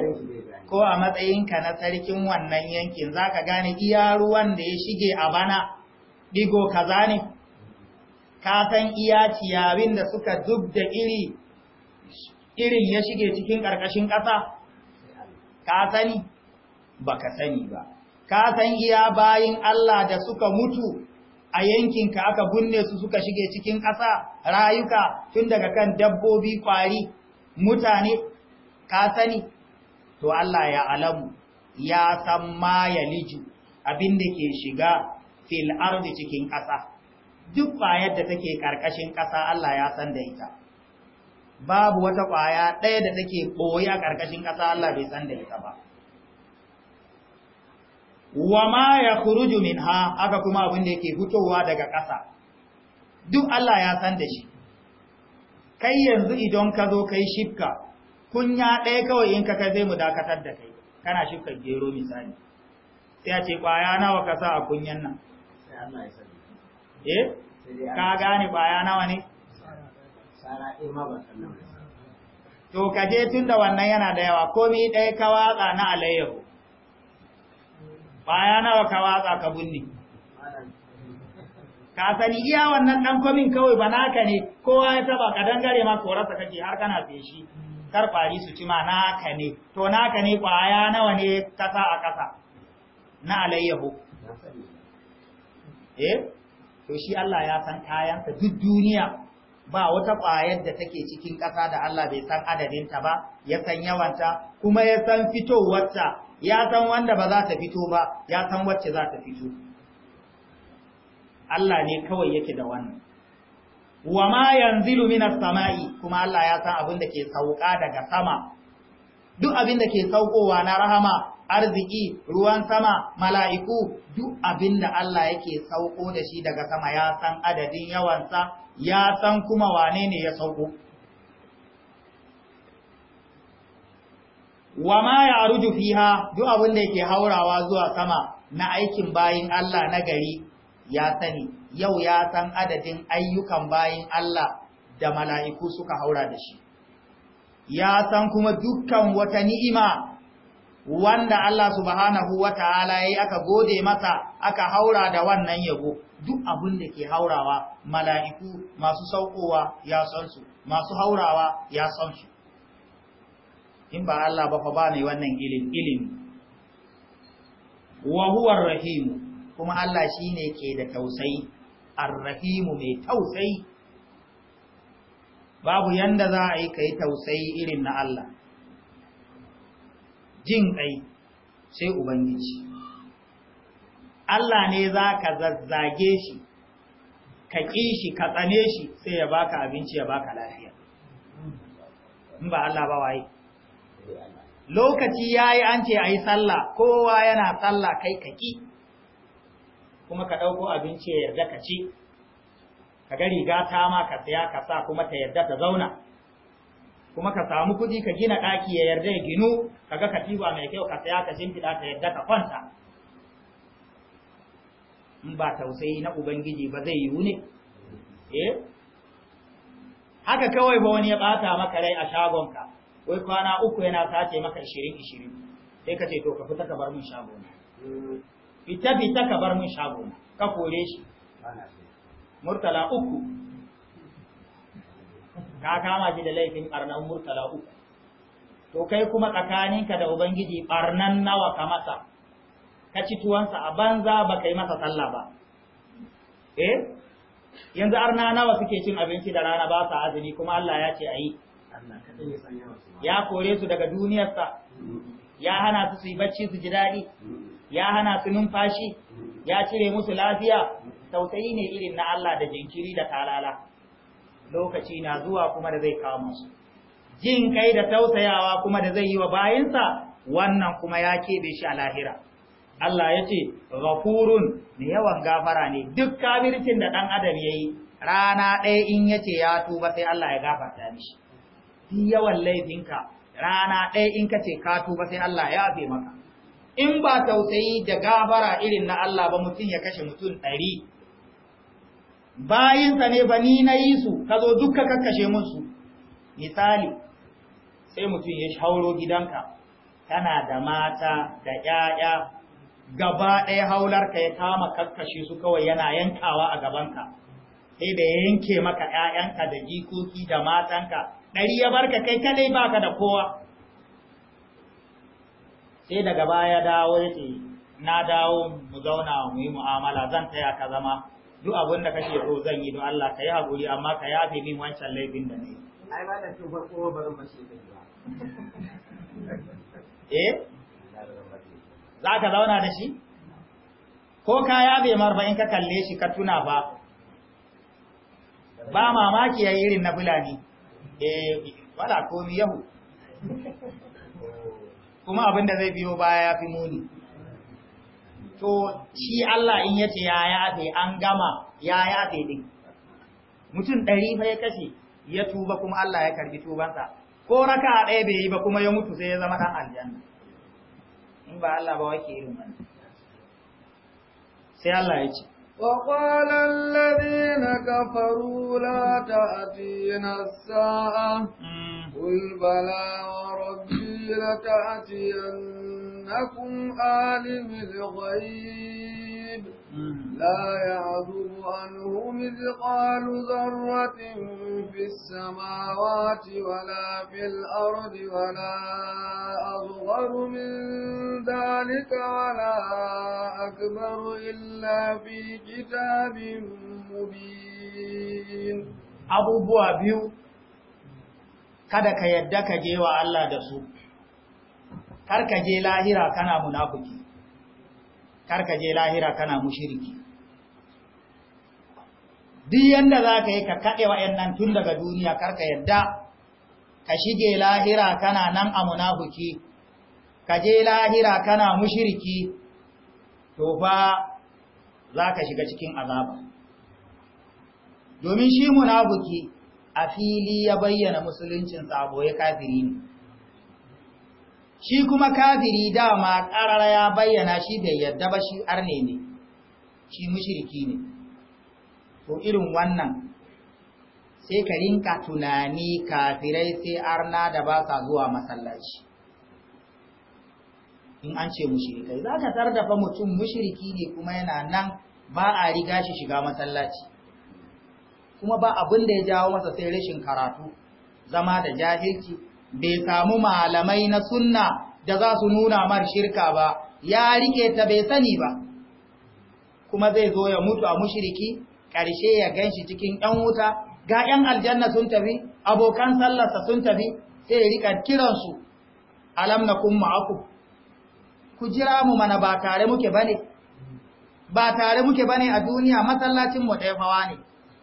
a matsayinka na sarkin wannan yankin za ka gane iya ruwan da ya shige a bana digo kaza ne ka san iya ciyawin da suka zub da iri irin ya shige cikin ƙarƙashin ƙasa ka sani baka sani ba ka san iya bayin Allah da suka mutu a yankin ka aka bunne su suka shige cikin ƙasa rayuka tun daga kan dabbobi kwari mutane ka sani to Allah ya alamu ya san ma ya liju abin da ke shiga fil ardi cikin ƙasa duk ƙwayar da take ƙarƙashin ƙasa Allah ya san da ita babu wata ƙwaya ɗaya da take ɓoye a ƙarƙashin ƙasa Allah bai san da ita ba wa ma ya khuruju min ha haka kuma abin da yake fitowa daga ƙasa duk Allah ya san da shi kai yanzu idan ka zo kai shifka kunya ɗaya kawai in ka kai zai mu dakatar da kai kana shifkar gero misali sai a ce ƙwaya nawa ka sa a kunyan nan Eh? ka gane kwaya nawa ne to ka je tun da wannan yana da yawa komi ɗaya ka watsa na alayyahu baya nawa ka watsa ka bunni ka sani iya wannan ɗan komin kawai ba naka ne kowa ya taba ka dangare ma rasa kake har kana feshi kar kwari su ci ma naka ne to naka ne kwaya nawa ne kasa a kasa na alayyahu eh to shi Allah ya san kayansa duk duniya ba wata ƙwayar da take cikin ƙasa da Allah bai san adadin ta ba ya san yawanta kuma ya san fitowarta ya san wanda ba za ta fito ba ya san wacce za ta fito Allah ne kawai yake da wannan wa ma yanzilu minas sama'i kuma Allah ya san abin da ke sauka daga sama duk abin da ke saukowa na rahama arziki ruwan sama mala'iku duk abin da Allah yake sauko da shi daga sama ya san adadin yawansa ya san kuma wane ne ya sauko wa ma ya aruju fiha duk abin da yake haurawa zuwa sama na aikin bayin Allah na gari ya sani yau ya san adadin ayyukan bayin Allah da mala'iku suka haura da shi ya san kuma dukkan wata ni'ima wanda Allah subhanahu wata'ala yayi aka gode masa aka haura da wannan yabo duk abin da ke haurawa mala'iku masu saukowa ya san su masu haurawa ya san su in ba Allah ba fa ba wannan ilimi ilimi wa huwa rahim kuma Allah shine ke da tausayi ar-rahim mai tausayi babu yanda za a yi ka yi tausayi irin na Allah jin ƙai sai ubangiji Allah ne za ka zazzage shi ka ƙi shi ka tsane shi sai ya baka abinci ya baka lafiya in ba Allah ba waye lokaci yayi an ce ayi sallah kowa yana sallah kai ka ƙi kuma ka ɗauko abinci ya yarda ka ci ka ga riga ta ma ka saya ka sa kuma ta yarda ta zauna kuma ka samu kuɗi ka gina ɗaki ya yarda ya ginu ka ga mai kyau ka saya ka shimfiɗa ta yarda ka kwanta in ba tausayi na ubangiji ba zai yiwu ne eh haka kawai ba wani ya bata maka rai a shagon ka. wai kwana uku yana sace maka 20-20 sai ka ce to ka fita ka bar mun shagona fita fita ka bar mun shagona ka kore shi murtala uku ka kama shi da laifin ɓarnan murtala uku to kai kuma tsakaninka da ubangiji ɓarnan nawa ka masa ka ci tuwansa a banza ba ka yi masa sallah ba eh yanzu arna nawa suke cin abinci da rana ba sa azumi kuma Allah ya ce a yi ya kore su daga duniyarsa ya hana su su yi bacci su ji daɗi ya hana su numfashi ya cire musu lafiya tausayi ne irin na Allah da jinkiri da talala lokaci na zuwa kuma da zai kawo musu jin kai da tausayawa kuma da zai yi wa bayinsa wannan kuma ya keɓe shi a lahira Allah ya ce ghafurun ne yawan gafara ne duk kafircin da ɗan adam ya yi rana ɗaya in yace ya tuba sai Allah ya gafarta mishi duk yawan laifinka rana ɗaya in ka ce ka tuba sai Allah ya afe maka in ba tausayi da gabara irin na Allah ba mutum ya kashe mutum ɗari bayinsa ne ba ni na yi su ka zo dukka kakashe musu misali sai mutum ya hauro gidanka tana da mata da ƴaƴa gaba ɗaya haularka ya kama kakkashe su kawai yana yankawa a gabanka sai da ya yanke maka ƴaƴanka da jikoki da matanka ɗari ya barka kai kadai baka da kowa sai daga baya dawo ya ce na dawo mu zauna mu yi mu'amala zan taya ka zama duk abin da kake so zan yi don Allah ka yi haƙuri amma ka yafe min wancan laifin da na Ai ba da tun farko Eh? Za ka zauna da shi? Ko ka yafe marfa in ka kalle shi ka tuna ba Ba mamaki ya yi irin na Fulani. Eh, wala komi yahu. kuma abin da zai biyo baya ya fi muni to shi Allah in yace ya yafe an gama ya yafe din mutum ɗari fa ya kashe ya tuba kuma Allah ya karbi tubansa ko raka ɗaya bai yi ba kuma ya mutu sai ya zama ɗan aljanna in ba Allah ba wake irin wannan sai Allah ya ce وقال الذين كفروا لا تأتينا الساعة قل بلى وربي لتأتينكم عالم الغيب لا يعذب عنه مثقال ذرة في السماوات ولا في الأرض ولا أصغر من ذلك ولا أكبر إلا في كتاب مبين أبو بوابيو kada ka yadda ka je wa Allah da su karka je lahira kana munafiki karka je lahira kana mushriki duk yanda zaka yi ka kade wayannan tun daga duniya karka yadda ka shige lahira kana nan a munafiki ka je lahira kana mushriki to fa zaka shiga cikin azaba domin shi munafiki a fili ya bayyana musuluncin sabo ya kafiri ne shi kuma kafiri dama ƙarara ya bayyana shi da yadda ba shi arne ne shi mushriki ne to irin wannan sai ka rinka tunani kafirai sai arna da ba sa zuwa masallaci in an ce mushrikai za ka tardafa mutum mushiriki ne kuma yana nan ba a riga shi shiga masallaci kuma ba abin da ya jawo masa sai rashin karatu zama da jahilci bai samu malamai na sunna da za su nuna mar shirka ba ya rike ta bai sani ba kuma zai zo ya mutu a mushiriki ƙarshe ya ganshi cikin ɗan wuta ga ‘yan aljanna sun tafi abokan sallarsa sun tafi sai rika kiransu alam na kun ma'aku ku jira mu mana ba tare muke bane ba tare muke bane a duniya masallacin mu ɗaya fawa ne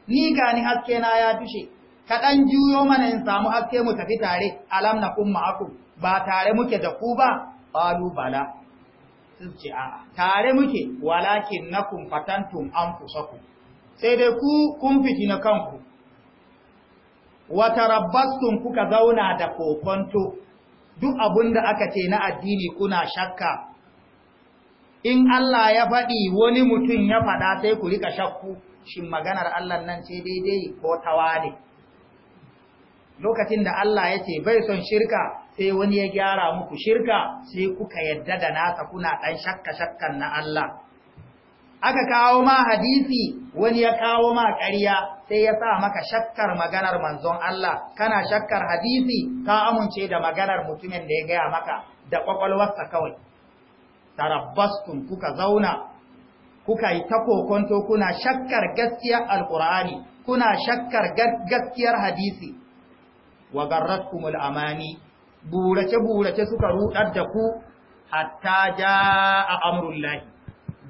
ni gani haske na ya tushe kaɗan juyo mana in samu haske mu tafi tare alam na kun ma'akum ba tare muke da ku ba ƙalu bala sun a tare muke walakin na kun fatantum an fusaku sai dai ku kun fiti na kanku wata rabbastun kuka zauna da kokonto duk abunda aka ce na addini kuna shakka in Allah ya faɗi wani mutum ya faɗa sai ku rika shakku shin maganar Allah nan ce daidai ko tawa lokacin da Allah ya ce bai son shirka sai wani ya gyara muku shirka sai kuka yadda da nasa kuna ɗan shakka-shakkan na Allah. Aka kawo ma hadisi wani ya kawo ma ƙariya sai ya sa maka shakkar maganar manzon Allah, kana shakkar hadisi ka amince da maganar mutumin da ya gaya maka da ƙwaƙwalwarsa kawai. Tarabbastun kuka zauna, kuka yi ta kokonto kuna shakkar gaskiyar Alƙur'ani, kuna shakkar gaskiyar hadisi. wa garratkumul amani burace burace suka rudar da ku hatta jaa amrullahi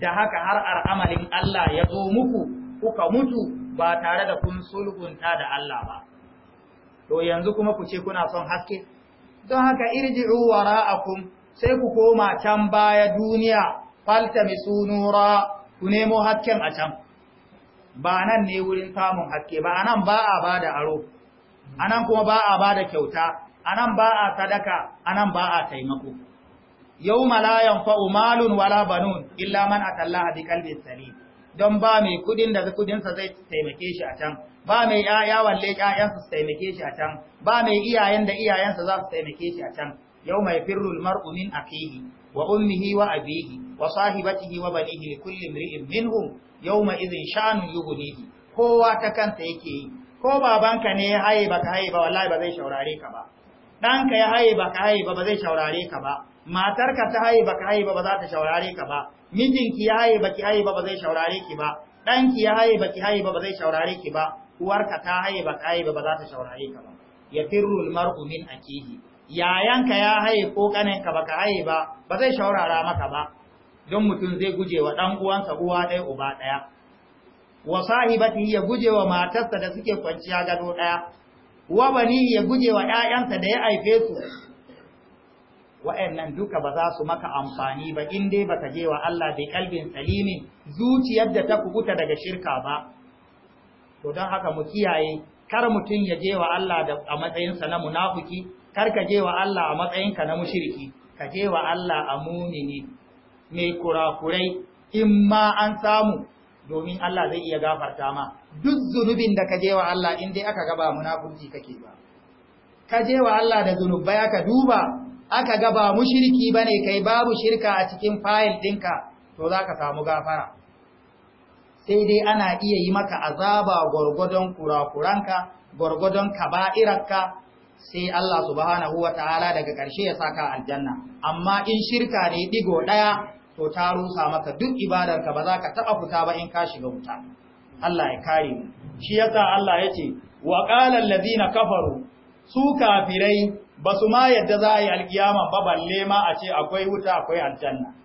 da haka har amalin Allah ya zo muku kuka mutu ba tare da kun sulhunta da Allah ba to yanzu kuma ku ce kuna son haske don haka irji'u wara'akum sai ku koma can baya duniya faltamisu nura ku nemo hasken a can ba nan ne wurin samun haske ba nan ba a bada aro anan kuma ba a bada kyauta anan ba a sadaka anan ba a taimako Yau malayan yanfa'u malun wala banun illa man atallaha bi qalbin salim don ba mai kudin da kudin sa zai taimake shi a can ba mai yaya walle yayansa su taimake shi a can ba mai iyayen da iyayensa za su taimake shi a can Yau mai firrul mar'umin min akhihi wa ummihi wa abihi wa sahibatihi wa banihi li kulli imri'in yau yawma idhin sha'nun yughnihi kowa ta kansa yake yi ko babanka ne ya haye baka haye ba wallahi ba zai shaurare ka ba Danka ya haye baka haye ba ba zai shaurare ka ba matarka ta haye baka haye ba ba za ta shaurare ka ba mijinki ya haye baki haye ba ba zai shaurare ki ba Danki ya haye baki haye ba ba zai shaurare ki ba uwarka ta haye baka haye ba ba za ta shaurare ka ba ya firru mar'u min akihi yayanka ya haye ko kaninka baka haye ba ba zai shaurara maka ba don mutum zai guje wa ɗan uwansa uwa ɗaya uba ɗaya wa sahibati ya guje wa matarsa da suke kwanciya gado daya wa bani ya guje wa da ya haife su wa'annan duka ba za su maka amfani ba in dai baka je wa Allah da kalbin salimi zuciyar da ta kubuta daga shirka ba to don haka mu kiyaye kar mutum ya je wa Allah a matsayinsa na munafiki kar ka je wa Allah a matsayin ka na mushriki ka je wa Allah a mumini mai kurakurai in ma an samu domin Allah zai iya gafarta ma duk zunubin da ka je wa Allah in dai aka gaba munafurci kake ba ka je wa Allah da zunubai aka duba aka gaba mushriki bane kai babu shirka a cikin fayil ɗinka to za ka samu gafara sai dai ana iya yi maka azaba gwargwadon kurakuranka gwargwadon kaba'irarka sai Allah subhanahu wa ta'ala daga ƙarshe ya saka aljanna amma in shirka ne digo ɗaya to ta rusa maka duk ibadarka ba za ka taɓa fita ba in ka shiga wuta Allah ya kare mu shi yasa Allah ya ce wa qala allazina kafaru su kafirai ba su ma yadda za a yi alkiyama ba balle ma a ce akwai wuta akwai aljanna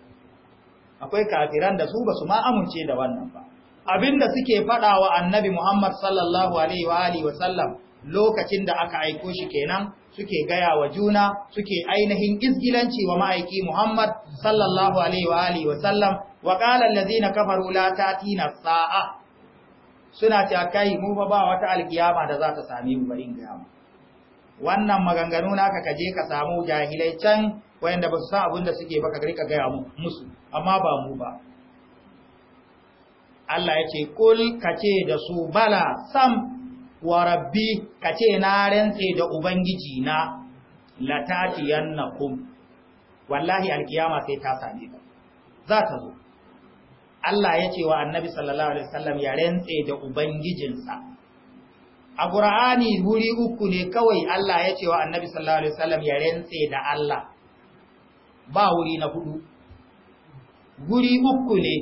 akwai kafiran da su ba su ma amince da wannan ba Abin da suke faɗawa wa annabi Muhammad sallallahu alaihi wa sallam lokacin da aka aiko shi kenan suke gaya wa juna suke ainihin izgilanci wa ma'aiki Muhammad sallallahu alaihi wa alihi wa sallam wa qala allazina kafaru la ta'tina sa'a suna ta kai mu ba wata alkiyama da za ta same mu bari ga mu wannan maganganu naka kaje ka samu jahilai can wayanda ba su san abin da suke ba ka rika gaya musu amma ba mu ba Allah ya kul kace da su bala sam wa rabbi ka ce na rantse da ubangiji na latatiyannakum wallahi alkiyama sai ta same ku za ta zo Allah ya ce wa annabi sallallahu alaihi wasallam ya rantse da ubangijinsa a qur'ani guri uku ne kawai Allah ya ce wa annabi sallallahu alaihi wasallam ya rantse da Allah ba wuri na hudu guri uku ne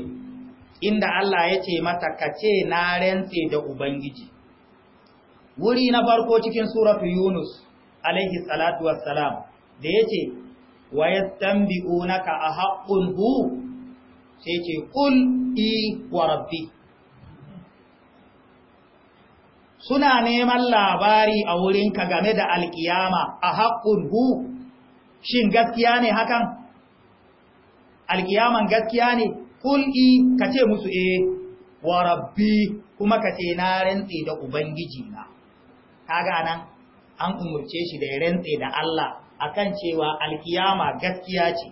inda Allah ya ce mata ka ce na rantse da ubangiji wuri na farko cikin suratu yunus alaihi salatu wassalam da ya ce wa ya tambi unaka a haƙun hu sai ce ƙul i warabbi suna neman labari a wurinka game da alkiyama a haƙun hu shin gaskiya ne hakan alkiyaman gaskiya ne ƙul i ka ce musu e eh, warabbi kuma ka ce na rantse da ubangiji na kaga anan an umurce shi da ya rantse da Allah akan cewa alkiyama gaskiya ce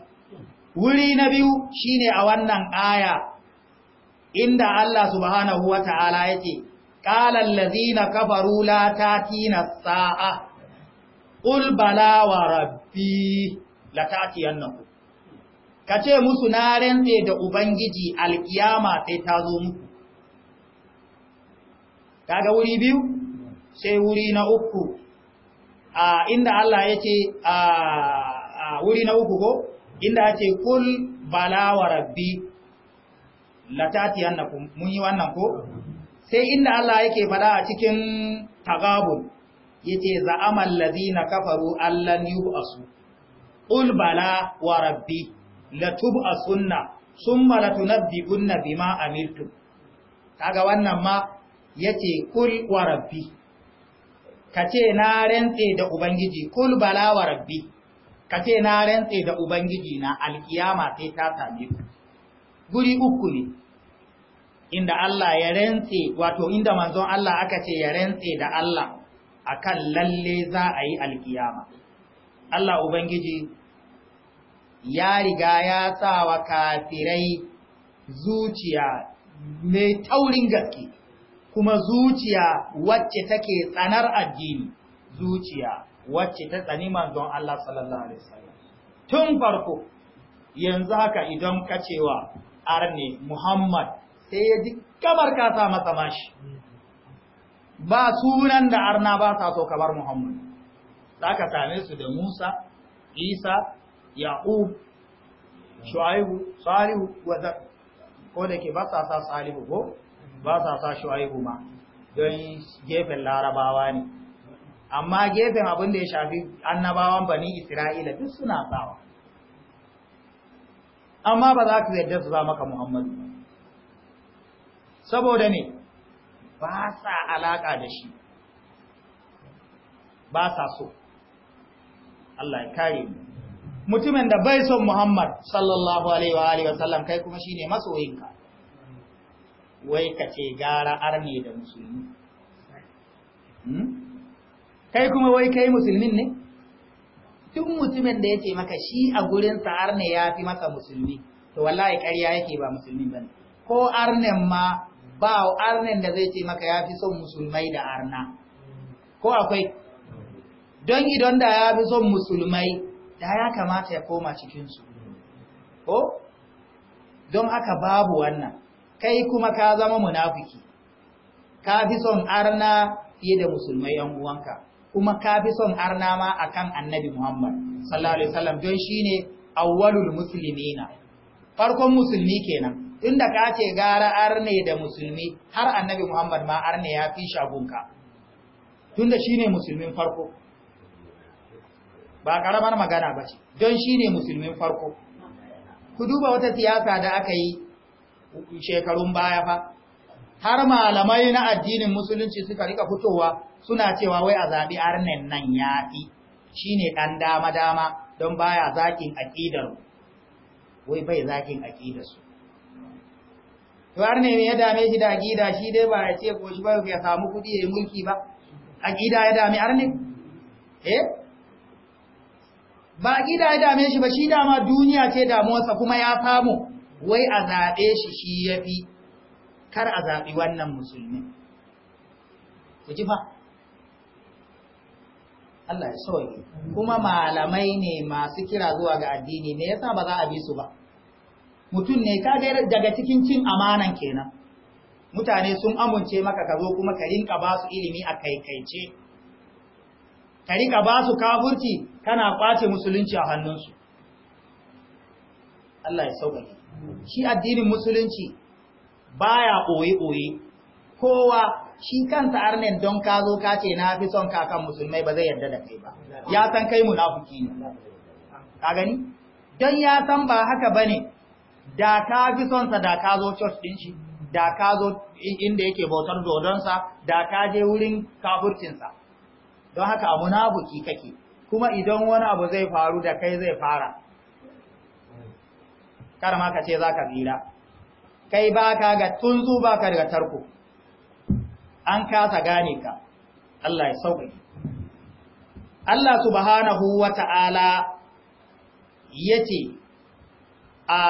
wuri na biyu shine a wannan aya inda Allah subhanahu wata'ala yake qala allazina kafaru la tatina sa'a qul bala wa rabbi la tatiyannakum kace musu na rantse da ubangiji alkiyama sai ta zo muku kaga wuri biyu sai wuri na uku a inda Allah ya ce a wuri na uku ko inda ya ce kul bala wa rabbi latati annakum mun yi wannan ko sai inda Allah yake fada a cikin tagabun yace za'ama allazina kafaru allan yub'asu Kul, bala wa rabbi latub'asunna thumma latunabbi'unna bima amiltu kaga wannan ma yace kul wa rabbi ka ce na rantse da ubangiji kul bala wa rabbi ka ce na rantse da ubangiji na alkiyama sai ta same ku guri uku ne inda Allah ya rantse wato inda manzon Allah aka ce ya rantse da Allah akan lalle za a yi alkiyama Allah ubangiji ya riga ya sa wa kafirai zuciya mai taurin gaske kuma zuciya wacce take tsanar addini zuciya wacce ta tsani manzon Allah sallallahu alaihi wasallam tun farko yanzu haka idan ka kacewa arne Muhammad sai ya ji kamar ka sa masa mashi ba sunan da arna ba sa so kamar Muhammad zaka same su da Musa Isa Yaqub Shu'aibu Salihu wa ko da ke ba sa sa Salihu ko ba sa sa shu'aibu ma don gefen larabawa ne amma gefen abin da ya shafi annabawan bani isra'ila duk suna sawa amma ba za ka yadda su za maka muhammadu saboda ne ba sa alaka da shi ba sa so Allah ya kare mu mutumin da bai son muhammad sallallahu alaihi wa alihi kai kuma shine masoyinka wai ka ce gara arne da musulmi hmm? kai kuma wai kai musulmin ne duk mutumin da ya ce maka shi a gurinsa arne ya fi masa musulmi to wallahi ƙarya yake ba musulmin ba ko arnen ma ba arnen da zai ce maka ya fi son musulmai da arna ko akwai don idan da ya fi son musulmai da ya kamata ya koma cikinsu ko don haka babu wannan kai kuma ka zama munafiki ka fi son arna fiye da musulmai yan uwanka kuma ka fi son arna ma akan annabi Muhammad sallallahu alaihi wasallam don shine awwalul muslimina farkon musulmi kenan tunda ka ce gara arne da musulmi har annabi Muhammad ma arne ya fi shagunka tunda shine musulmin farko ba karamar magana ba ce don shine musulmin farko ku duba wata siyasa da aka yi shekarun baya fa har malamai na addinin musulunci suka rika fitowa suna cewa wai a zabi arnen nan ya fi dan ɗan dama-dama don baya zakin aqidar wai bai zakin su To arne ne ya dame shi da aƙida shi dai ba ya ce ko shi ba ya samu kuɗi ya yi mulki ba aƙida ya dame arne? eh ba ƙida ya dame shi ba shi dama duniya ce damuwarsa kuma ya samu wai a zaɓe shi shi ya fi kar a zaɓi wannan musulmi ku ji fa Allah ya sauki kuma malamai ne masu kira zuwa ga addini ne yasa ba za a bi su ba mutum ne ka ga daga cikin cin amanan kenan mutane sun amince maka ka zo kuma ka rinka ba su ilimi a kaikaice ka rinka ba su kafurci kana kwace musulunci a hannunsu Allah ya sauƙaƙe shi addinin musulunci ba ya ɓoye-ɓoye kowa shi kansa arnen don ka zo ka ce na fi son kakan musulmai ba zai yarda da kai ba ya san kai munafuki ne ka gani don ya san ba haka ba ne da ka fi son sa da ka zo church din shi da ka zo inda yake bautar dodonsa da ka je wurin kafurcinsa don haka munafuki kake kuma idan wani abu zai faru da kai zai fara kara ka ce za ka zira kai ba ka ga tunzu ba ka daga tarko an kasa gane ka Allah ya sauƙi Allah subhanahu wa ta'ala ya ce a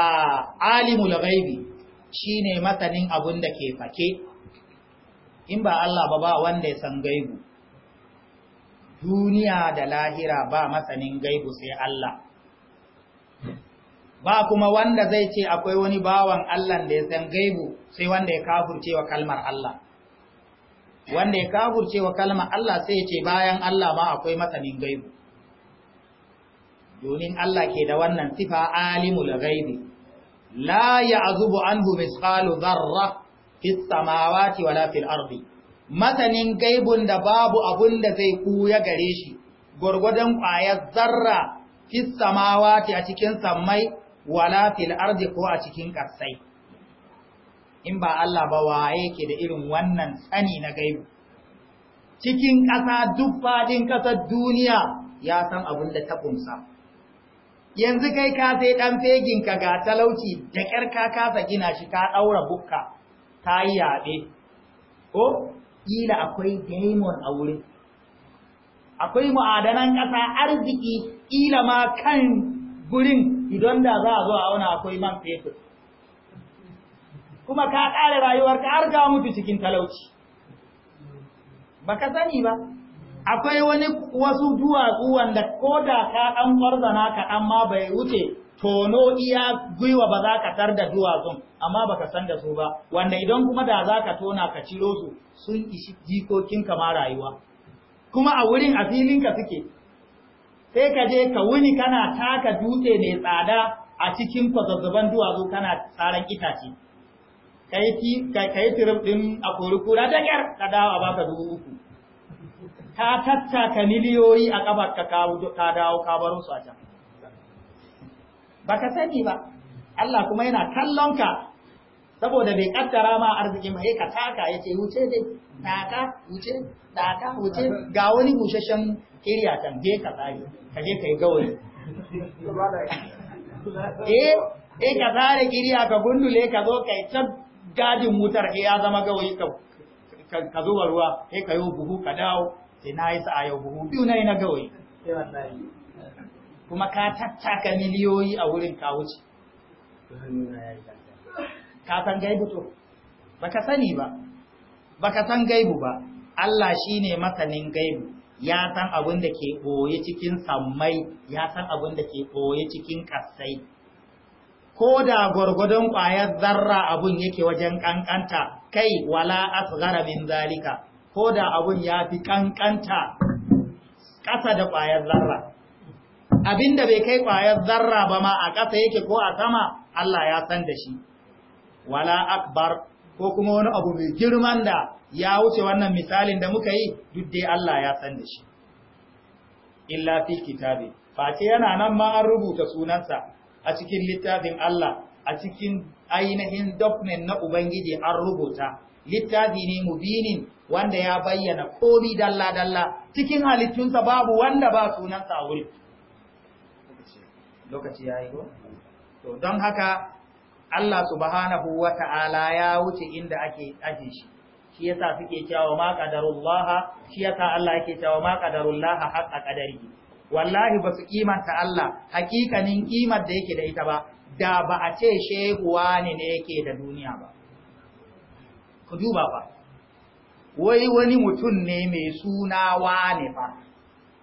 alimul ghaibi shine masanin abun da ke fake in ba Allah ba ba wanda ya san gaibu duniya da lahira ba masanin gaibu sai Allah ba kuma wanda zai ce akwai wani bawan Allah da ya san gaibu sai wanda ya kafurce wa kalmar Allah wanda ya kafurce wa kalmar Allah sai ya ce bayan Allah ma akwai masanin gaibu domin Allah ke da wannan sifa alimul gaibi la ya'zubu anhu misqalu dharra fis samawati wala fil ardi masanin gaibun da babu abun da zai kuya gare shi gurgurdan kwaya zarra fis samawati a cikin sammai wala fil ardi ko a cikin ƙasai in ba Allah ba waye ke da irin wannan tsani na gaibu cikin ƙasa duk faɗin ƙasar duniya ya san abin da ta ƙunsa yanzu kai ka sai ɗan ka ga talauci da ƙyar ka kasa gina shi ka ɗaura bukka ta yi yaɓe ko ƙila akwai daimon a wurin akwai ma'adanan ƙasa arziki ƙila ma kan gurin idan da za a zo a wani akwai man fetur kuma ka ƙare rayuwar har arga mutu cikin talauci ba ka sani ba akwai wani wasu duwatsu wanda ko da ka ɗan warzana ka ɗan ma bai wuce tono iya gwiwa ba za ka tar da duwatsun amma ba ka san da su ba wanda idan kuma da za ka tona ka ciro su sun ishi jikokinka ma rayuwa kuma a wurin a filinka suke sai ka je ka wuni kana taka dutse mai tsada a cikin kwazazzaban duwatsu kana tsaran itace ka yi tirif ɗin a koriko da ƙyar ka dawo a baka dubu uku ka tattaka miliyoyi a ƙafar ka ka dawo ka baro su a can ba ka sani ba Allah kuma yana kallon ka saboda bai kaddara ma arzikin ba ka taka ce wuce dai taka wuce tsada wuce ga wani bushashen kiriya kan je ka tsari ka je kai gauri eh eh ka tsari kiriya ka gundule ka zo kai ta gadin mutar eh, ya zama gauri ka ka ruwa eh ka yi buhu ka dawo sai eh, na yi sa'a yau buhu biyu na yi na gauri eh, kuma ka tattaka miliyoyi a wurin ka wuce ka san gaibu to Ba ka sani ba ba ka san gaibu ba Allah shi ne masanin gaibu ya san abin da ke ɓoye cikin sammai ya san abin da ke ɓoye cikin ƙasai ko da gwargwadon ƙwayar zarra abin yake wajen ƙanƙanta kai wala asgara min zalika ko da abin ya fi ƙanƙanta ƙasa da ƙwayar zarra abinda bai kai ƙwayar zarra ba ma a ƙasa yake ko a sama Allah ya san da shi wala akbar ko kuma wani abu mai girman da ya wuce wannan misalin da muka yi duk dai Allah ya san da shi illa fi kitabi face yana nan ma an rubuta sunansa a cikin littafin Allah a cikin ainihin document na ubangiji an rubuta littafi ne mubinin wanda ya bayyana komi dalla-dalla cikin halittunsa babu wanda ba sunansa a wuri. Lokaci ya yi To don haka Allah subhanahu wa ta'ala ya wuce inda ake aje shi shi yasa suke cewa ma qadarullaha shi yasa Allah yake cewa ma qadarullaha haqqa qadari wallahi ba su kimanta Allah hakikanin ƙimar da yake da ita ba da ba a ce shehu wani ne yake da duniya ba ku duba ba wai wani mutum ne mai suna wane ba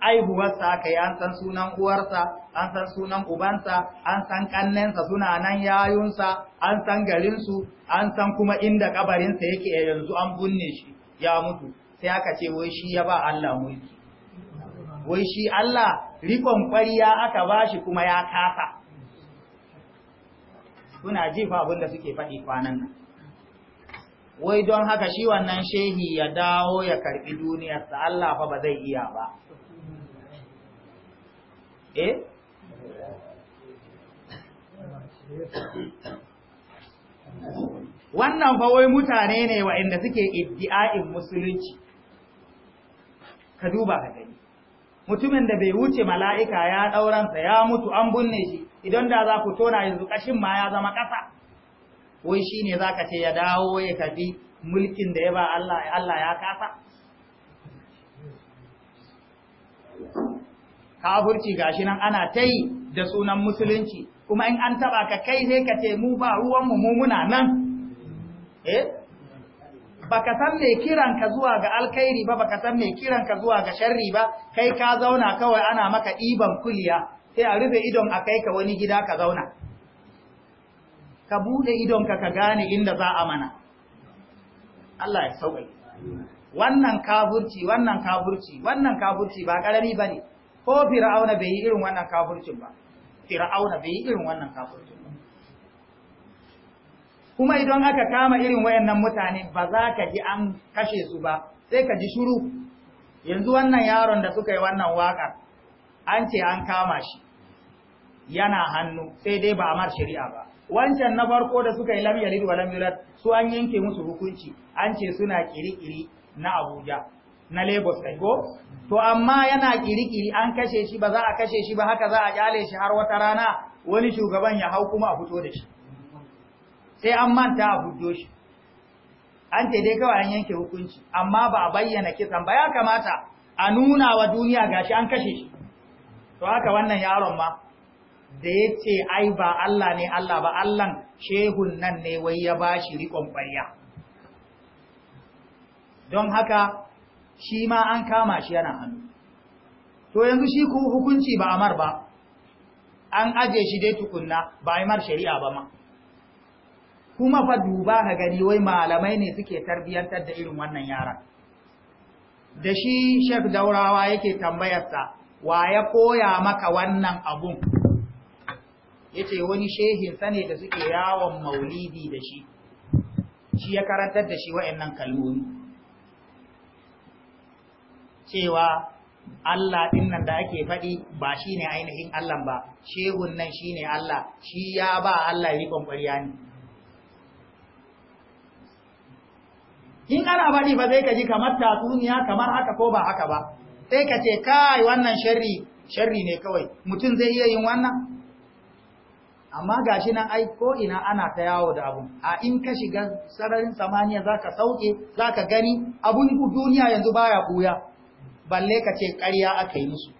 aihuwarsa aka yi an san sunan uwarsa an san sunan ubansa an san kannensa suna nan yayunsa an san garinsu an san kuma inda kabarinsa yake yanzu an bunne shi ya mutu sai aka ce wai shi ya ba Allah mulki wai shi Allah rikon kwariya aka bashi kuma ya kasa kuna jifa abin da suke faɗi kwanan nan wai don haka shi wannan shehi ya dawo ya karɓi duniyarsa Allah fa ba zai iya ba eh wannan fa mutane ne inda suke iddi'a'in musulunci ka duba ka gani mutumin da bai wuce mala'ika ya ɗauransa ya mutu an bunne shi idan da za ku tona yanzu ƙashin ma ya zama ƙasa wai shi ne za ka ce ya dawo ya tafi mulkin da ya ba Allah ya kasa kafurci gashi nan ana ta yi da sunan musulunci kuma in an taba ka kai sai ka ce mu ba ruwanmu mu muna nan eh baka san me kiran ka zuwa ga alkhairi ba baka san me kiran ka zuwa ga sharri ba kai ka zauna kawai ana maka diban kuliya sai a rufe idon a kai ka wani gida ka zauna ka bude idon ka gane inda za a mana Allah ya sauke wannan kafurci wannan kafurci wannan kafurci ba karami bane ko fir'auna bai yi irin wannan kafircin ba fir'auna bai yi irin wannan kafircin ba kuma idan aka kama irin wayannan mutane ba za ka ji an kashe su ba sai ka ji shuru yanzu wannan yaron da suka yi wannan waƙar an ce an kama shi yana hannu sai dai ba a mar shari'a ba wancan na farko da suka yi lam yalid wa su an yanke musu hukunci an ce suna kiri-kiri na Abuja na Lagos kai go to amma yana kirikiri an kashe shi ba za a kashe shi ba haka za a kyale shi har wata rana wani shugaban ya hau kuma a fito da shi sai an manta a fito shi an ce dai kawai an yanke hukunci amma ba a bayyana kisan ba ya kamata a nuna wa duniya ga shi an kashe shi to haka wannan yaron ma da ya ce ai ba Allah ne Allah ba Allahn shehun nan ne wai ya ba shi riƙon ƙwarya don haka shi ma an kama shi yana hannu to yanzu shi ku hukunci ba amar ba an aje shi dai tukunna ba mar shari'a ba ma kuma fa duba ka gani wai malamai ne suke tarbiyantar da irin wannan yaran da shi shek daurawa yake tambayarsa wa ya koya maka wannan abun yace wani sa ne da suke yawon maulidi da shi shi ya karantar da shi wa'annan kalmomi cewa Allah ɗin nan da ake faɗi ba shi ne ainihin Allah ba, shehun nan shi ne Allah, shi ya ba Allah yi ƙwarya ne. In ana faɗi ba zai ka ji kamar tatsuniya kamar haka ko ba haka ba, sai ka ce kai wannan sharri, sharri ne kawai, mutum zai iya yin wannan? Amma ga shi nan ai ko ina ana ta yawo da abu. a in ka shiga sararin samaniya za ka sauke, za ka gani, abun duniya yanzu baya buya. balle ka ce ƙarya aka yi musu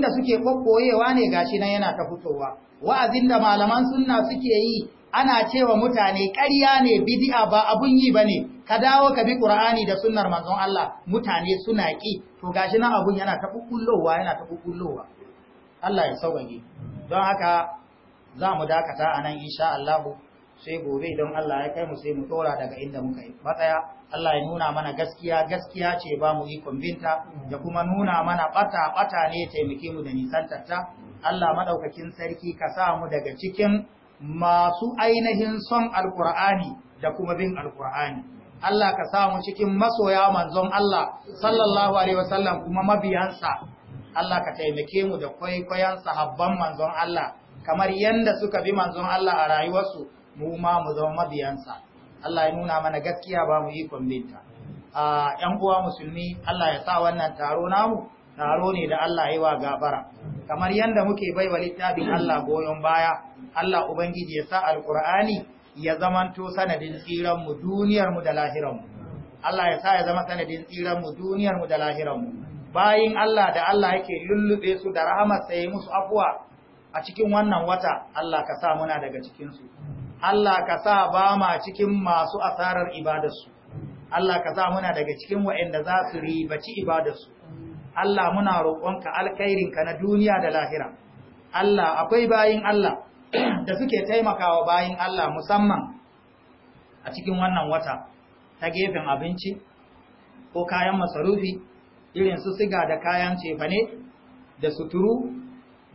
da suke kokkoyewa ne gashi nan yana ta fitowa wa'azin da malaman suna suke yi ana cewa mutane ƙarya ne bidi'a, ba abun yi bane ka dawo ka bi qur'ani da sunnar manzon Allah mutane suna ƙi. to gashi nan abun yana ta kokkullowa yana ta kokkullowa Allah ya sauƙaƙe don haka za mu dakata nan insha Allah sai gobe don Allah ya kai mu sai mu tora daga inda muka yi matsaya Allah ya nuna mana gaskiya gaskiya ce ba mu ikon binta da kuma nuna mana bata bata ne taimake mu da nisantarta Allah madaukakin sarki ka sa mu daga cikin masu ainihin son alkur'ani da kuma bin alkur'ani Allah ka sa mu cikin masoya manzon Allah sallallahu alaihi wasallam kuma mabiyansa Allah ka taimake mu da kwaikwayon sahabban manzon Allah kamar yanda suka bi manzon Allah a rayuwarsu mu ma mu zama mabiyansa Allah ya nuna mana gaskiya ba mu yi kwambinta. a yan uwa musulmi Allah ya sa wannan taro namu taro ne da Allah ya wa gabara. kamar yadda muke bai wa littafin Allah goyon baya Allah ubangiji ya sa Al’ur’ani ya to sanadin tsiranmu mu da lahiranmu. Allah ya sa ya zama sanadin tsiranmu mu duniyarmu da lahiranmu. bayin Allah da Allah yake lulluɓe su da rahama sai musu afuwa a cikin wannan wata Allah ka sa muna daga cikinsu Allah ka sa ba ma cikin masu asarar ibadarsu Allah ka sa muna daga cikin waɗanda za su ribaci ibadarsu Allah muna roƙonka ka na duniya da lahira Allah akwai bayin Allah da suke taimakawa bayin Allah musamman a cikin wannan wata ta gefen abinci ko kayan masarufi irin su siga da kayan cefane da suturu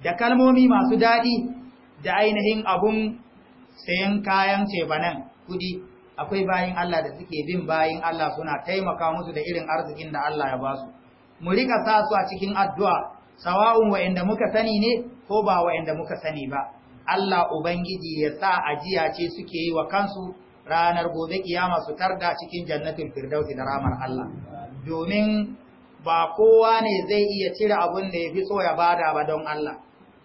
da kalmomi masu daɗi da ainihin abun sayan kayan cefanen kudi akwai bayin Allah da suke bin bayin Allah suna taimaka musu da irin arzikin da Allah ya ba su. mu rika sa su a cikin addu'a sawa'un wa'inda muka sani ne ko ba wa'inda muka sani ba Allah ubangiji ya sa ajiya ce suke yi wa kansu ranar gobe kiyama su tarda cikin jannatin firdausi da ramar Allah domin ba kowa ne zai iya cire abin da ya fi so ya bada ba don Allah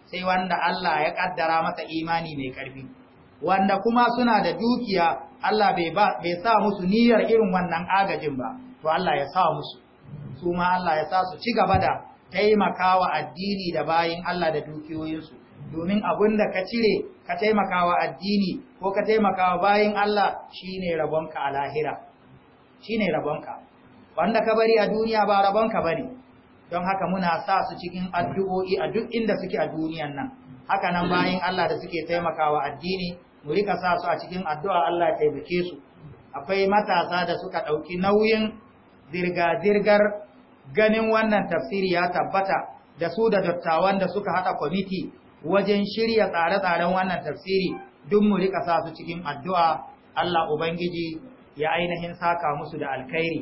sai wanda Allah ya ƙaddara masa imani mai ƙarfi. wanda kuma suna da dukiya Allah bai sa musu niyyar irin wannan agajin ba to Allah ya sa musu su ma Allah ya sa su ci gaba da taimakawa addini da bayin Allah da dukiyoyinsu domin abinda ka cire ka taimakawa addini ko ka taimakawa bayin Allah shine rabonka a lahira shine rabonka wanda ka bari a duniya ba rabonka bane don haka muna sa su cikin addu'o'i a duk inda suke a duniyan nan haka nan bayin Allah da suke taimakawa addini mu rika sa su a cikin addu'a Allah ya taimake su akwai matasa da suka ɗauki nauyin zirga-zirgar ganin wannan tafsiri ya tabbata da su da dattawan da suka haɗa kwamiti wajen shirya tsare-tsaren wannan tafsiri duk mu rika sa su cikin addu'a Allah Ubangiji ya ainihin saka musu da alkhairi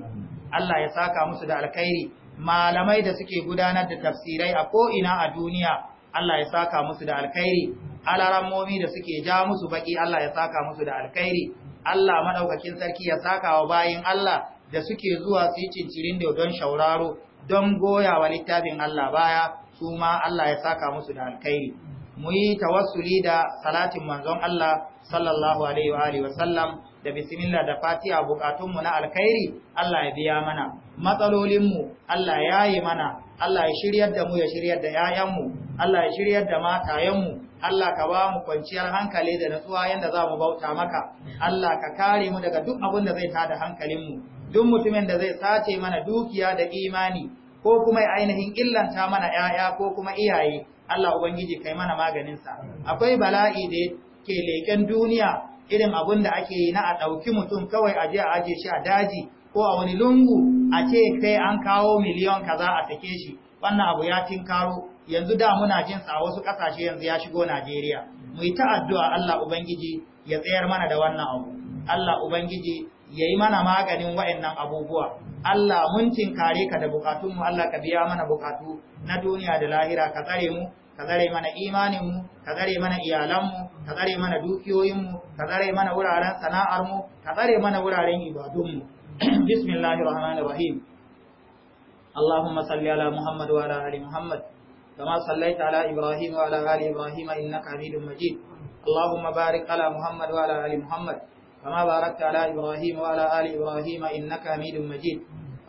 Allah ya saka musu da alkhairi malamai da suke gudanar da tafsirai a ko'ina a duniya Allah ya saka musu da alkhairi alarammomi da suke ja musu baki Allah ya saka musu da alkhairi Allah madaukakin sarki ya saka wa bayin Allah da suke zuwa su yi cincirin da don shauraro don goya wa littafin Allah baya su ma Allah ya saka musu da alkhairi mu yi tawassuli da salatin manzon Allah sallallahu alaihi wa alihi wa sallam da bismillah da fatiha mu na alkhairi Allah ya biya mana matsalolinmu Allah ya yi mana Allah ya shiryar da mu ya shiryar da mu Allah ya shiryar da matayen mu Allah ka ba mu kwanciyar hankali da natsuwa yadda za mu bauta maka Allah ka kare mu daga duk abin da zai tada hankalinmu duk mutumin da zai sace mana dukiya da imani ko kuma ainihin illanta mana ‘ya'ya ko kuma iyaye, Allah Ubangiji kai mana maganinsa. Akwai bala'i da ke leƙen duniya irin abin da ake yi na a ɗauki mutum kawai a je a aje shi a daji ko a wani lungu a ce kai an kawo miliyon kaza a sake shi, wannan abu ya tinkaro yanzu da muna jin sa wasu kasashe yanzu ya shigo Najeriya mu yi ta'addu'a Allah ubangiji ya tsayar mana da wannan abu Allah ubangiji ya yi mana maganin wa'annan abubuwa Allah mun tinkare ka da bukatun mu Allah ka biya mana bukatu na duniya da lahira ka tsare mu ka tsare mana imanin mu ka tsare mana iyalan mu ka tsare mana dukiyoyin mu ka tsare mana wuraren sana'ar mu ka tsare mana wuraren ibadun mu bismillahir rahmanir rahim salli ala Muhammad wa ala ali Muhammad كما صليت على إبراهيم وعلى آل إبراهيم إنك حميد مجيد اللهم بارك على محمد وعلى آل محمد كما باركت على إبراهيم وعلى آل إبراهيم إنك حميد مجيد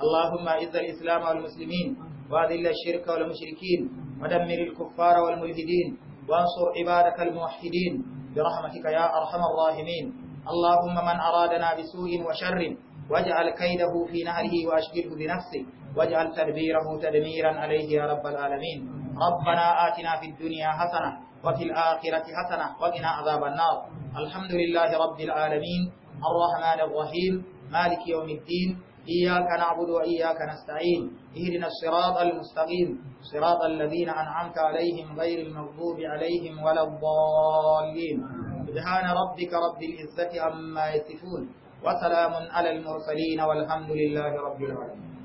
اللهم أعز الإسلام والمسلمين وأذل الشرك والمشركين ودمر الكفار والملحدين وانصر عبادك الموحدين برحمتك يا أرحم الراحمين اللهم من أرادنا بسوء وشر واجعل كيده في نهره وأشغله بنفسه واجعل تدبيره تدميرا عليه يا رب العالمين ربنا آتنا في الدنيا حسنة وفي الآخرة حسنة وقنا عذاب النار الحمد لله رب العالمين الرحمن الرحيم مالك يوم الدين إياك نعبد وإياك نستعين اهدنا الصراط المستقيم صراط الذين أنعمت عليهم غير المغضوب عليهم ولا الضالين سبحان ربك رب العزة عما يصفون وسلام على المرسلين والحمد لله رب العالمين